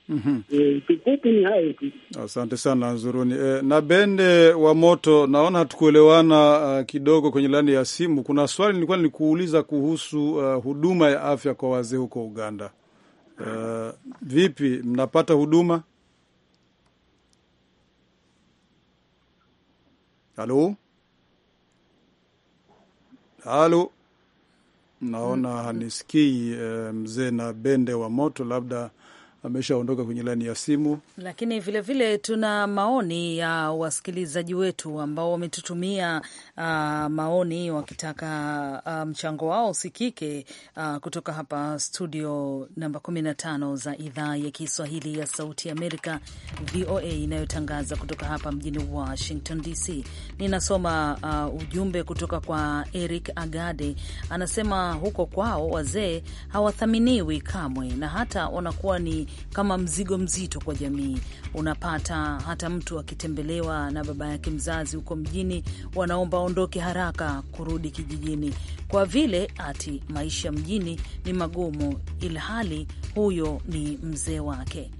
Mm -hmm. kifupi ni hayo tu. Asante sana Nzuruni. E, na Bende wa Moto, naona hatukuelewana uh, kidogo kwenye laini ya simu. Kuna swali nilikuwa nikuuliza kuhusu uh, huduma ya afya kwa wazee huko Uganda. Uh, vipi mnapata huduma? Halo, halo, naona mm. hanisikii uh, mzee na Bende wa Moto, labda ameshaondoka kwenye laini ya simu, lakini vilevile vile tuna maoni ya wasikilizaji wetu ambao wametutumia uh, maoni wakitaka uh, mchango wao usikike uh, kutoka hapa studio namba 15 za idhaa ya Kiswahili ya Sauti Amerika VOA inayotangaza kutoka hapa mjini Washington DC. Ninasoma uh, ujumbe kutoka kwa Eric Agade, anasema huko kwao wazee hawathaminiwi kamwe na hata wanakuwa ni kama mzigo mzito kwa jamii. Unapata hata mtu akitembelewa na baba yake mzazi huko mjini, wanaomba aondoke haraka kurudi kijijini, kwa vile ati maisha mjini ni magumu, ilhali huyo ni mzee wake.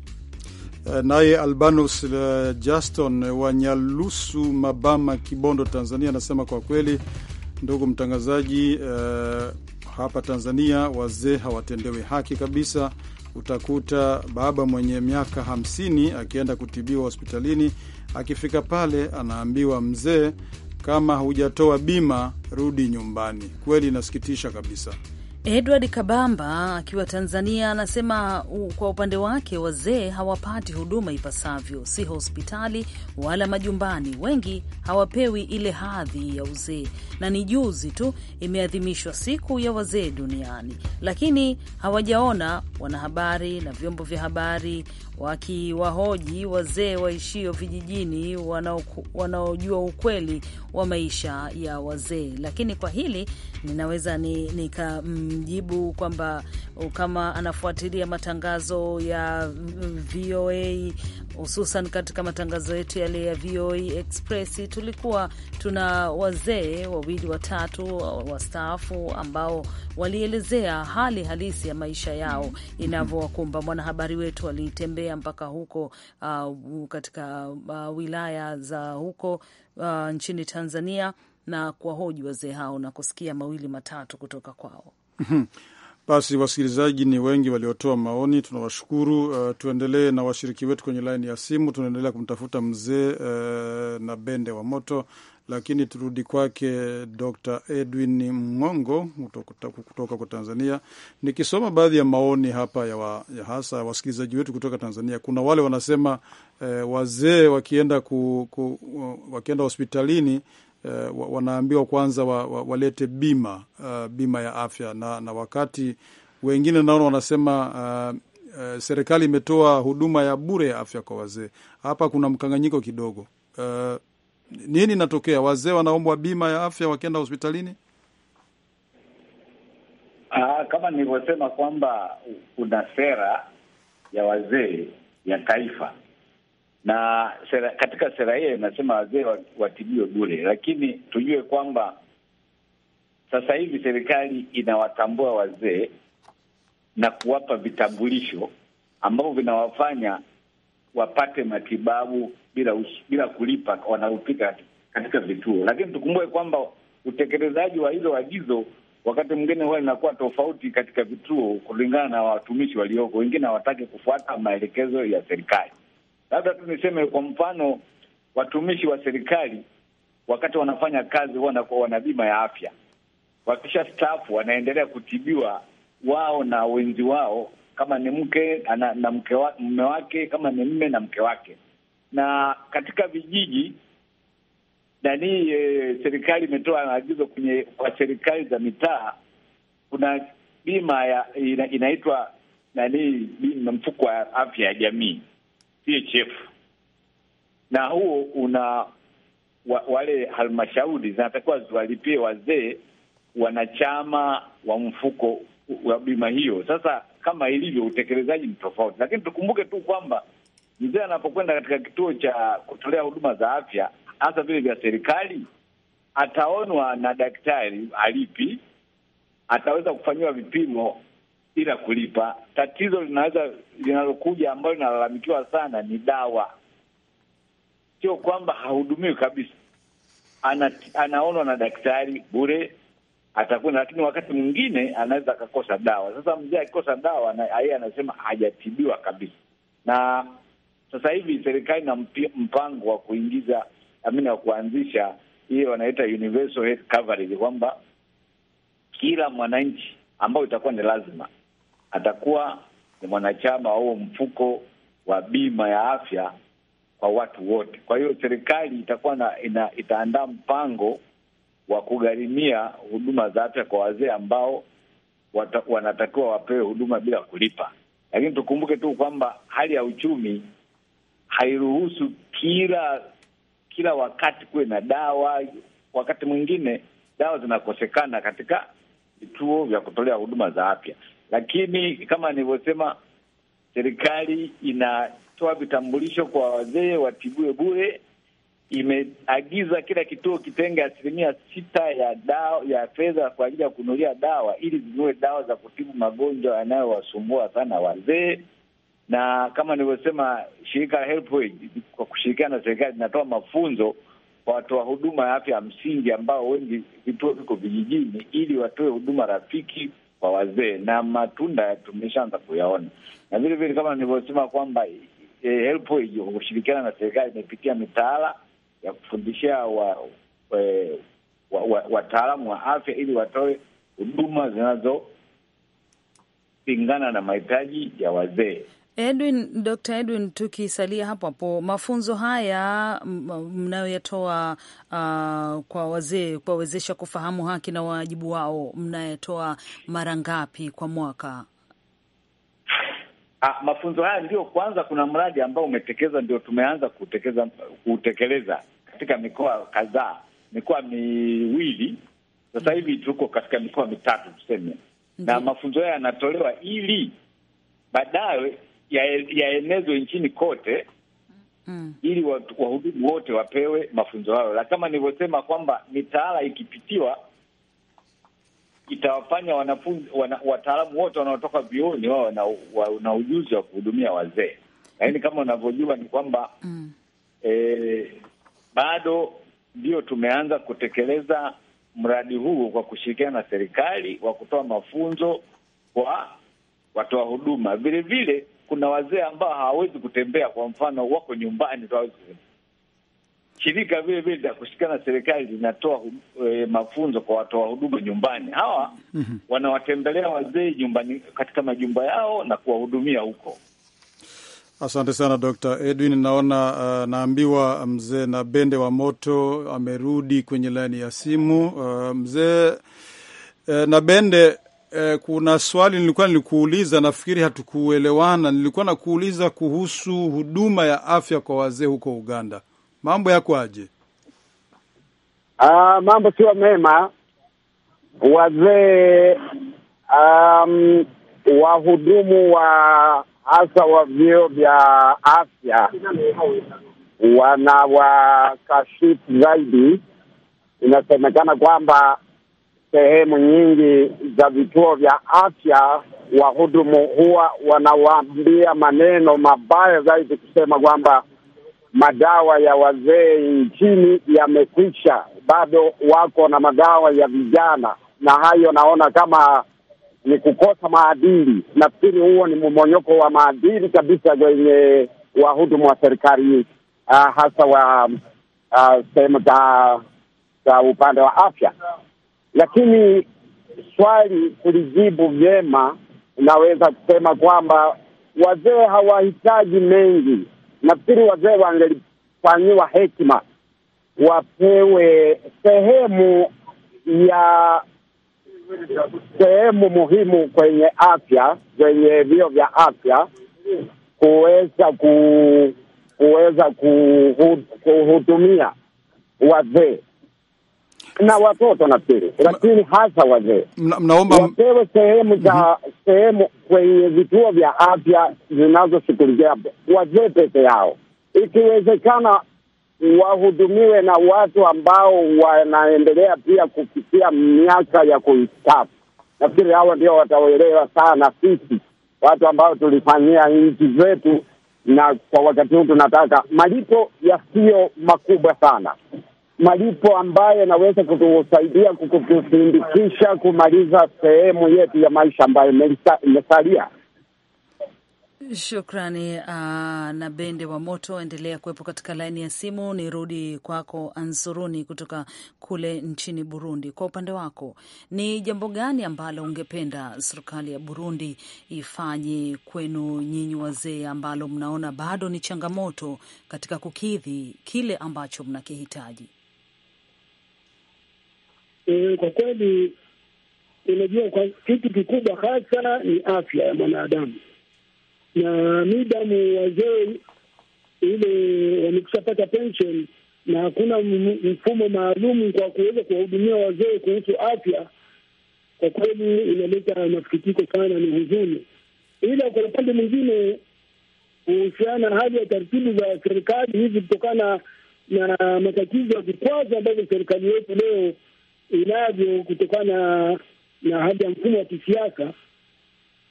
Eh, naye Albanus eh, Juston wanyalusu Mabama, Kibondo, Tanzania, anasema kwa kweli, ndugu mtangazaji, uh, hapa Tanzania wazee hawatendewi haki kabisa utakuta baba mwenye miaka hamsini akienda kutibiwa hospitalini. Akifika pale anaambiwa, mzee, kama hujatoa bima rudi nyumbani. Kweli inasikitisha kabisa. Edward Kabamba akiwa Tanzania anasema kwa upande wake wazee hawapati huduma ipasavyo, si hospitali wala majumbani. Wengi hawapewi ile hadhi ya uzee, na ni juzi tu imeadhimishwa siku ya wazee duniani, lakini hawajaona wanahabari na vyombo vya habari wakiwahoji wazee waishio vijijini wanaojua ukweli wa maisha ya wazee. Lakini kwa hili ninaweza ni, alimjibu kwamba kama anafuatilia matangazo ya VOA hususan katika matangazo yetu yale ya VOA Express tulikuwa tuna wazee wawili watatu wastaafu ambao walielezea hali halisi ya maisha yao inavyowakumba. Mwanahabari wetu alitembea mpaka huko uh, katika uh, wilaya za huko uh, nchini Tanzania na kuwahoji wazee hao na kusikia mawili matatu kutoka kwao. Mhm. Basi wasikilizaji ni wengi waliotoa maoni, tunawashukuru. Uh, tuendelee na washiriki wetu kwenye laini ya simu. Tunaendelea kumtafuta mzee uh, na bende wa moto, lakini turudi kwake Dr Edwin Mng'ongo kutoka kwa Tanzania. Nikisoma baadhi ya maoni hapa ya, wa, ya hasa wasikilizaji wetu kutoka Tanzania, kuna wale wanasema uh, wazee wakienda, ku, ku, wakienda hospitalini uh, wanaambiwa kwanza wa, wa, walete bima uh, bima ya afya na, na wakati wengine naona wanasema uh, uh, serikali imetoa huduma ya bure ya afya kwa wazee. Hapa kuna mkanganyiko kidogo uh, nini inatokea? Wazee wanaombwa bima ya afya wakienda hospitalini? Aa, ah, kama nilivyosema kwamba kuna sera ya wazee ya taifa na sera, katika sera hiyo inasema wazee watibiwe bure, lakini tujue kwamba sasa hivi serikali inawatambua wazee na kuwapa vitambulisho ambavyo vinawafanya wapate matibabu bila us, bila kulipa wanaopika katika vituo. Lakini tukumbuke kwamba utekelezaji wa hilo agizo wakati mwingine huwa linakuwa tofauti katika vituo kulingana na watumishi walioko. Wengine hawataki kufuata maelekezo ya serikali. Labda tu niseme kwa mfano, watumishi wa serikali wakati wanafanya kazi wanakuwa wana bima ya afya, wakisha staafu wanaendelea kutibiwa wao na wenzi wao, kama ni mke na, na mke wa, mme wake, kama ni mme na mke wake. Na katika vijiji nanii e, serikali imetoa agizo kwenye kwa serikali za mitaa, kuna bima ya ina, inaitwa nani, mfuko wa afya ya jamii CHF na huo una wa, wale halmashauri zinatakiwa ziwalipie wazee wanachama wa mfuko wa bima hiyo. Sasa kama ilivyo, utekelezaji ni tofauti, lakini tukumbuke tu kwamba mzee anapokwenda katika kituo cha kutolea huduma za afya, hasa vile vya serikali, ataonwa na daktari alipi, ataweza kufanyiwa vipimo bila kulipa. Tatizo linaweza linalokuja ambayo linalalamikiwa sana ni dawa, sio kwamba hahudumiwi kabisa, ana, anaonwa na daktari bure atakwenda, lakini wakati mwingine anaweza akakosa dawa. Sasa mzee akikosa dawa yeye anasema hajatibiwa kabisa. Na sasa hivi serikali na mpango wa kuingiza amini wa kuanzisha hiyo wanaita universal health coverage kwamba kila mwananchi ambayo itakuwa ni lazima atakuwa ni mwanachama au mfuko wa bima ya afya kwa watu wote. Kwa hiyo serikali itakuwa na ina, itaandaa mpango wa kugharimia huduma za afya kwa wazee ambao wata, wanatakiwa wapewe huduma bila kulipa. Lakini tukumbuke tu kwamba hali ya uchumi hairuhusu kila kila wakati kuwe na dawa. Wakati mwingine dawa zinakosekana katika vituo vya kutolea huduma za afya. Lakini kama nilivyosema, serikali inatoa vitambulisho kwa wazee watibue bure. Imeagiza kila kituo kitenge asilimia sita ya dawa ya fedha kwa ajili ya kununulia dawa ili zinunue dawa za kutibu magonjwa yanayowasumbua sana wazee na kama nilivyosema, shirika la kwa kushirikiana na serikali linatoa mafunzo kwa watoa huduma ya afya ya msingi ambao wengi vituo viko vijijini, ili watoe huduma rafiki kwa wazee, na matunda tumeshaanza kuyaona, na vile vile kama nilivyosema kwamba eh, HELB hiyo kushirikiana na serikali imepitia mitaala ya kufundishia wataalamu wa, wa, wa, wa, wa afya ili watoe huduma zinazopingana na mahitaji ya wazee. Edwin, Dr. Edwin, tukisalia hapo hapo, mafunzo haya mnayoyatoa uh, kwa wazee kuwawezesha kufahamu haki na wajibu wao, mnayotoa mara ngapi kwa mwaka? Ha, ah, mafunzo haya ndio kwanza, kuna mradi ambao umetekeza, ndio tumeanza kutekeza, kutekeleza katika mikoa kadhaa, mikoa miwili sasa hivi tuko katika mikoa mitatu tuseme, na mafunzo haya yanatolewa ili baadaye yaenezwe ya nchini kote mm. ili wahudumu wote wapewe mafunzo hayo, na kama nilivyosema kwamba mitaala ikipitiwa itawafanya wanafunzi wana, wataalamu wote wanaotoka vyuoni wao na, wa, na ujuzi wa kuhudumia wazee, lakini kama unavyojua ni kwamba mm. e, bado ndio tumeanza kutekeleza mradi huu kwa kushirikiana na serikali wa kutoa mafunzo kwa watoa huduma. vilevile vile kuna wazee ambao hawawezi kutembea, kwa mfano wako nyumbani. Shirika vile vile la kushikana na serikali linatoa e, eh, mafunzo kwa watoa huduma nyumbani. Hawa mhm. wanawatembelea wazee nyumbani, katika majumba yao na kuwahudumia huko. Asante sana Dr. Edwin. Naona uh, naambiwa mzee na bende wa moto amerudi kwenye laini ya simu. Uh, mzee uh, eh, na bende eh, kuna swali nilikuwa nilikuuliza, nafikiri hatukuelewana. Nilikuwa nakuuliza kuhusu huduma ya afya kwa wazee huko Uganda, mambo yako aje? Uh, mambo sio mema wazee, um, wahudumu wa hasa wa vyeo vya afya wanawakashifu zaidi. Inasemekana kwamba sehemu nyingi za vituo vya afya wahudumu huwa wanawaambia maneno mabaya zaidi, kusema kwamba madawa ya wazee nchini yamekwisha, bado wako na madawa ya vijana, na hayo naona kama ni kukosa maadili. Nafikiri huo ni mmonyoko wa maadili kabisa kwenye wahudumu wa serikali, uh, hasa wa uh, sehemu za upande wa afya. Lakini swali kulijibu vyema, naweza kusema kwamba wazee hawahitaji mengi. Nafikiri wazee wangelifanyiwa hekima, wapewe sehemu ya sehemu muhimu kwenye afya, kwenye vio vya afya kuweza ku kuweza kuhudumia wazee na watoto nafikiri, lakini hasa wazee mnaomba wapewe sehemu za mm -hmm. sehemu kwenye vituo vya afya zinazoshughulikia wazee peke yao, ikiwezekana wahudumiwe na watu ambao wanaendelea pia kufikia miaka ya kustaafu. Nafikiri hawa ndio wataelewa sana sisi watu ambao tulifanyia nchi zetu, na kwa wakati huu tunataka malipo yasiyo makubwa sana malipo ambayo yanaweza kutusaidia kutusindikisha kumaliza sehemu yetu ya maisha ambayo imesalia. Shukrani uh, na bende wa moto, endelea kuwepo katika laini ya simu. Nirudi kwako Ansuruni kutoka kule nchini Burundi. Kwa upande wako, ni jambo gani ambalo ungependa serikali ya Burundi ifanye kwenu nyinyi wazee, ambalo mnaona bado ni changamoto katika kukidhi kile ambacho mnakihitaji? E, kwa kweli unajua, kwa kitu kikubwa hasa ni afya ya mwanadamu na mi damu wazee ile wamekushapata pension na hakuna mfumo maalum kwa kuweza kuwahudumia wazee kuhusu afya, kwa kweli inaleta masikitiko sana, ni huzuni. Ila kwa upande mwingine, kuhusiana na hali ya taratibu za serikali hizi, kutokana na matatizo ya vikwazo ambavyo serikali yetu leo inavyo kutokana na hali ya mfumo wa kisiasa.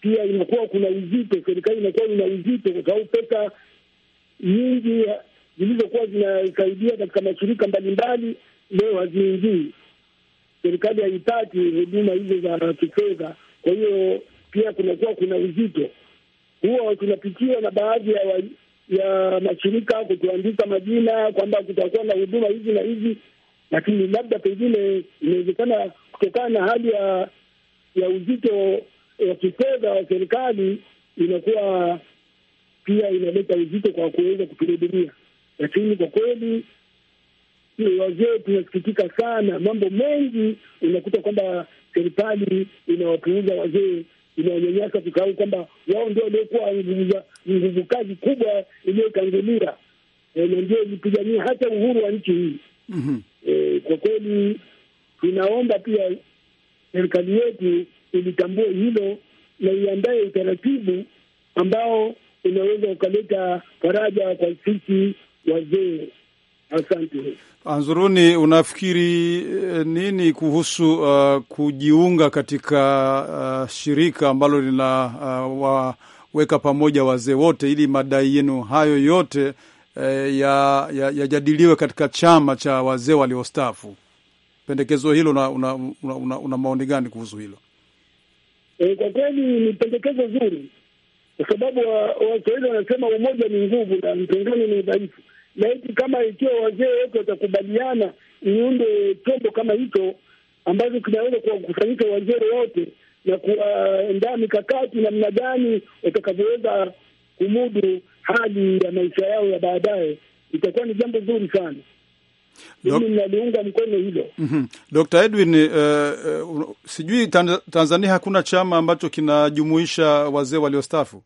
Pia inakuwa kuna uzito, serikali inakuwa ina uzito kwa sababu pesa nyingi zilizokuwa zinasaidia katika mashirika mbalimbali leo haziingii, serikali haipati huduma hizo za kifedha. Kwa hiyo pia kunakuwa kuna uzito huo, tunapitiwa na baadhi ya, ya mashirika kutuandika majina kwamba kutakuwa na huduma hizi na hizi lakini labda pengine inawezekana kutokana na hali ya ya uzito wa kifedha wa serikali inakuwa pia inaleta uzito kwa kuweza kutuhudumia. Lakini kwa kweli wazee, tunasikitika sana, mambo mengi unakuta kwamba serikali inawapuuza wazee, inawanyanyasa, kusahau kwamba wao ndio waliokuwa nguvu kazi kubwa iliyotangulia eh, na ndio ilipigania hata uhuru wa nchi hii. Mhm. E, kwa kweli tunaomba pia serikali yetu ilitambue hilo na iandaye utaratibu ambao unaweza ukaleta faraja kwa sisi wazee. Asante. Anzuruni, unafikiri eh, nini kuhusu uh, kujiunga katika uh, shirika ambalo linawaweka uh, pamoja wazee wote ili madai yenu hayo yote yajadiliwe eh, ya, ya katika chama cha wazee waliostafu Pendekezo hilo una, una, una, una, una maoni gani kuhusu hilo? E, kwa kweli ni pendekezo zuri kwa sababu waswahili wa wanasema umoja ni nguvu na mtengano ni udhaifu. Laiti kama ikiwa wazee wote watakubaliana iunde chombo kama hicho ambazo kinaweza kuwakusanyika wazee wote na kuwaendaa eh, mikakati namna gani watakavyoweza kumudu hali ya maisha yao ya baadaye, itakuwa ni jambo zuri sana. Mimi naliunga mkono hilo. mm -hmm. Dr. Edwin, uh, uh, sijui Tanzania hakuna chama ambacho kinajumuisha wazee waliostaafu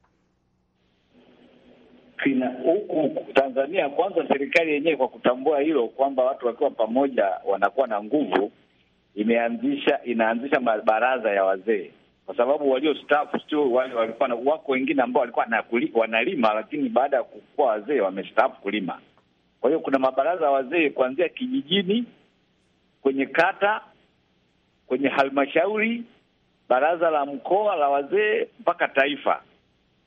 huku Tanzania. Kwanza serikali yenyewe kwa kutambua hilo kwamba watu wakiwa pamoja wanakuwa na nguvu, imeanzisha inaanzisha mabaraza ya wazee kwa sababu staff sio wale walikuwa, wako wengine ambao walikuwa wanalima, lakini baada ya kukuwa wazee wamestaafu kulima. Kwa hiyo kuna mabaraza ya wazee kuanzia kijijini, kwenye kata, kwenye halmashauri, baraza la mkoa la wazee mpaka taifa.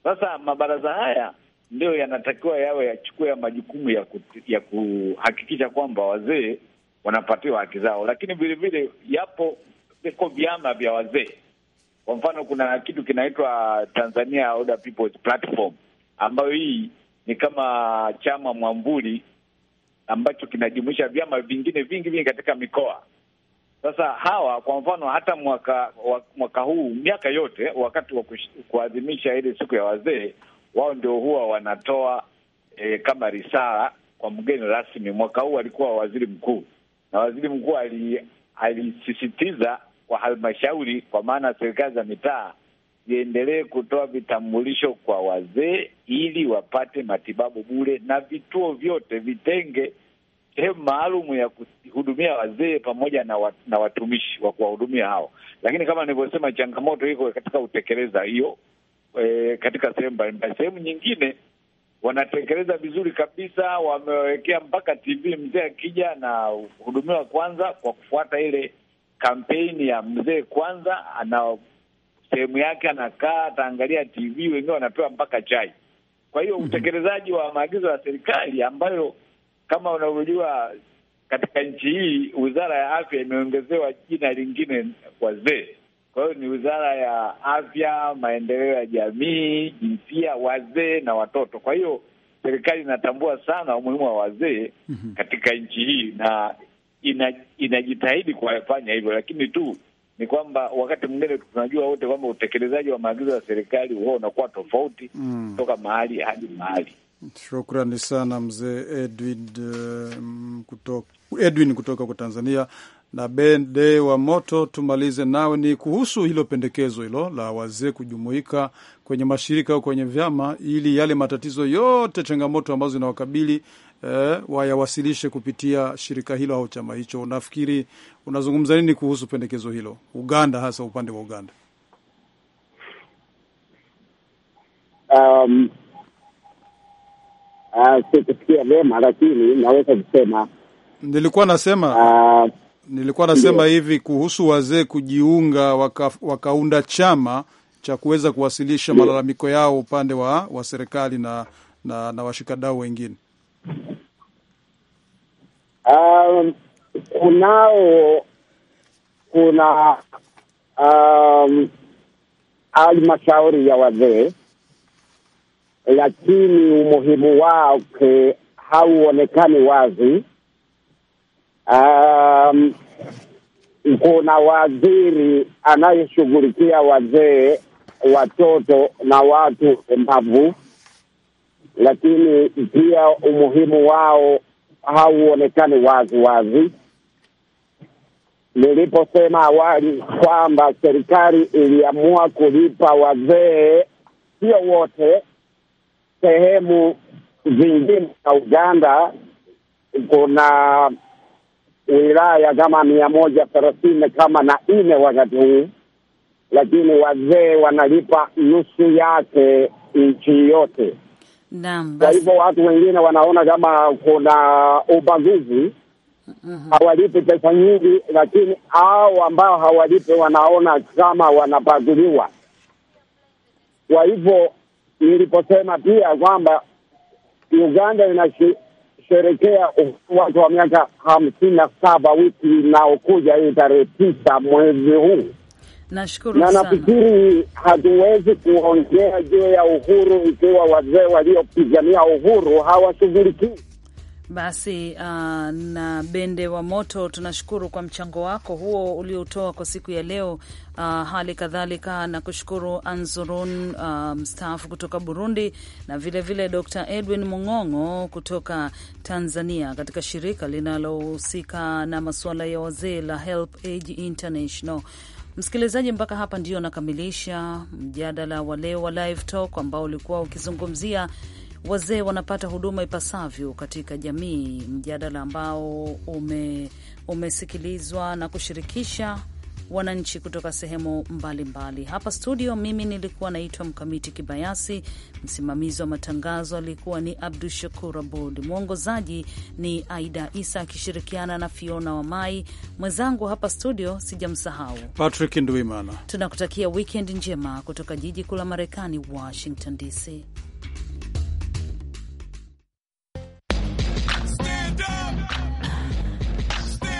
Sasa mabaraza haya ndio yanatakiwa yawe yachukue ya majukumu ya, ku, ya kuhakikisha kwamba wazee wanapatiwa haki zao, lakini vilevile yapo viko vyama vya wazee kwa mfano, kuna kitu kinaitwa Tanzania Older People's Platform ambayo hii ni kama chama mwambuli ambacho kinajumuisha vyama vingine vingi vingi katika mikoa. Sasa hawa kwa mfano, hata mwaka mwaka huu, miaka yote, wakati wa kuadhimisha ile siku ya wazee, wao ndio huwa wanatoa e, kama risala kwa mgeni rasmi. Mwaka huu alikuwa waziri mkuu, na waziri mkuu alisisitiza ali kwa halmashauri, kwa maana serikali za mitaa ziendelee kutoa vitambulisho kwa wazee ili wapate matibabu bure, na vituo vyote vitenge sehemu maalum ya kuhudumia wazee pamoja na, wat, na watumishi wa kuwahudumia hao. Lakini kama nilivyosema, changamoto iko katika utekeleza hiyo e, katika sehemu mbalimbali. Sehemu nyingine wanatekeleza vizuri kabisa, wamewekea mpaka TV, mzee akija na hudumiwa kwanza kwa kufuata ile kampeni ya mzee kwanza, ana sehemu yake, anakaa ataangalia TV, wengine wanapewa mpaka chai. Kwa hiyo mhm. utekelezaji wa maagizo ya serikali ambayo kama unavyojua katika nchi hii wizara ya afya imeongezewa jina lingine wazee. Kwa hiyo ni wizara ya afya, maendeleo ya jamii, jinsia, wazee na watoto. Kwa hiyo serikali inatambua sana umuhimu wa wazee mhm. katika nchi hii na ina, inajitahidi kuwafanya hivyo, lakini tu ni kwamba wakati mwingine tunajua wote kwamba utekelezaji wa maagizo ya serikali huwa unakuwa tofauti mm, toka mahali hadi mahali. Shukrani sana mzee Edwin, um, kutoka, Edwin kutoka kwa Tanzania na Bende wa Moto, tumalize nawe. Ni kuhusu hilo pendekezo hilo la wazee kujumuika kwenye mashirika au kwenye vyama, ili yale matatizo yote, changamoto ambazo zinawakabili eh, wayawasilishe kupitia shirika hilo au chama hicho. Nafikiri unazungumza nini kuhusu pendekezo hilo, Uganda, hasa upande wa Uganda? Um, uh, sikusikia vema lakini naweza kusema nilikuwa nasema uh, nilikuwa nasema hivi kuhusu wazee kujiunga waka, wakaunda chama cha kuweza kuwasilisha malalamiko yao upande wa, wa serikali na na, na washikadau wengine. Um, kunao kuna um, halmashauri ya wazee, lakini umuhimu wake hauonekani wazi. Um, kuna waziri anayeshughulikia wazee, watoto na watu mbavu lakini pia umuhimu wao hauonekani wazi wazi. Niliposema awali kwamba serikali iliamua kulipa wazee, sio wote, sehemu zingine za Uganda kuna wilaya kama mia moja thelathini kama na nne wakati huu, lakini wazee wanalipa nusu yake nchi yote. Kwa hivyo watu wengine wanaona kama kuna ubaguzi, mm-hmm. hawalipi pesa nyingi, lakini hao ambao hawalipi wanaona kama wanabaguliwa. Kwa hivyo niliposema pia kwamba Uganda inasherekea watu wa miaka hamsini na saba wiki inaokuja hii tarehe tisa mwezi huu Nashukuru na nafikiri hatuwezi kuongea juu ya uhuru ikiwa wazee waliopigania uhuru hawashughulikii. Basi uh, na Bende wa Moto, tunashukuru kwa mchango wako huo uliotoa kwa siku ya leo. Uh, hali kadhalika na kushukuru Anzurun uh, mstaafu kutoka Burundi na vilevile Dr Edwin Mong'ong'o kutoka Tanzania katika shirika linalohusika na masuala ya wazee la Help Age International. Msikilizaji, mpaka hapa ndio nakamilisha mjadala wa leo wa Live Talk ambao ulikuwa ukizungumzia wazee wanapata huduma ipasavyo katika jamii, mjadala ambao ume umesikilizwa na kushirikisha wananchi kutoka sehemu mbalimbali mbali. Hapa studio mimi nilikuwa naitwa Mkamiti Kibayasi, msimamizi wa matangazo alikuwa ni Abdu Shakur Abud, mwongozaji ni Aida Isa akishirikiana na Fiona wa mai mwenzangu hapa studio sijamsahau Patrick Ndwimana. Tunakutakia wikend njema kutoka jiji kuu la Marekani, Washington DC.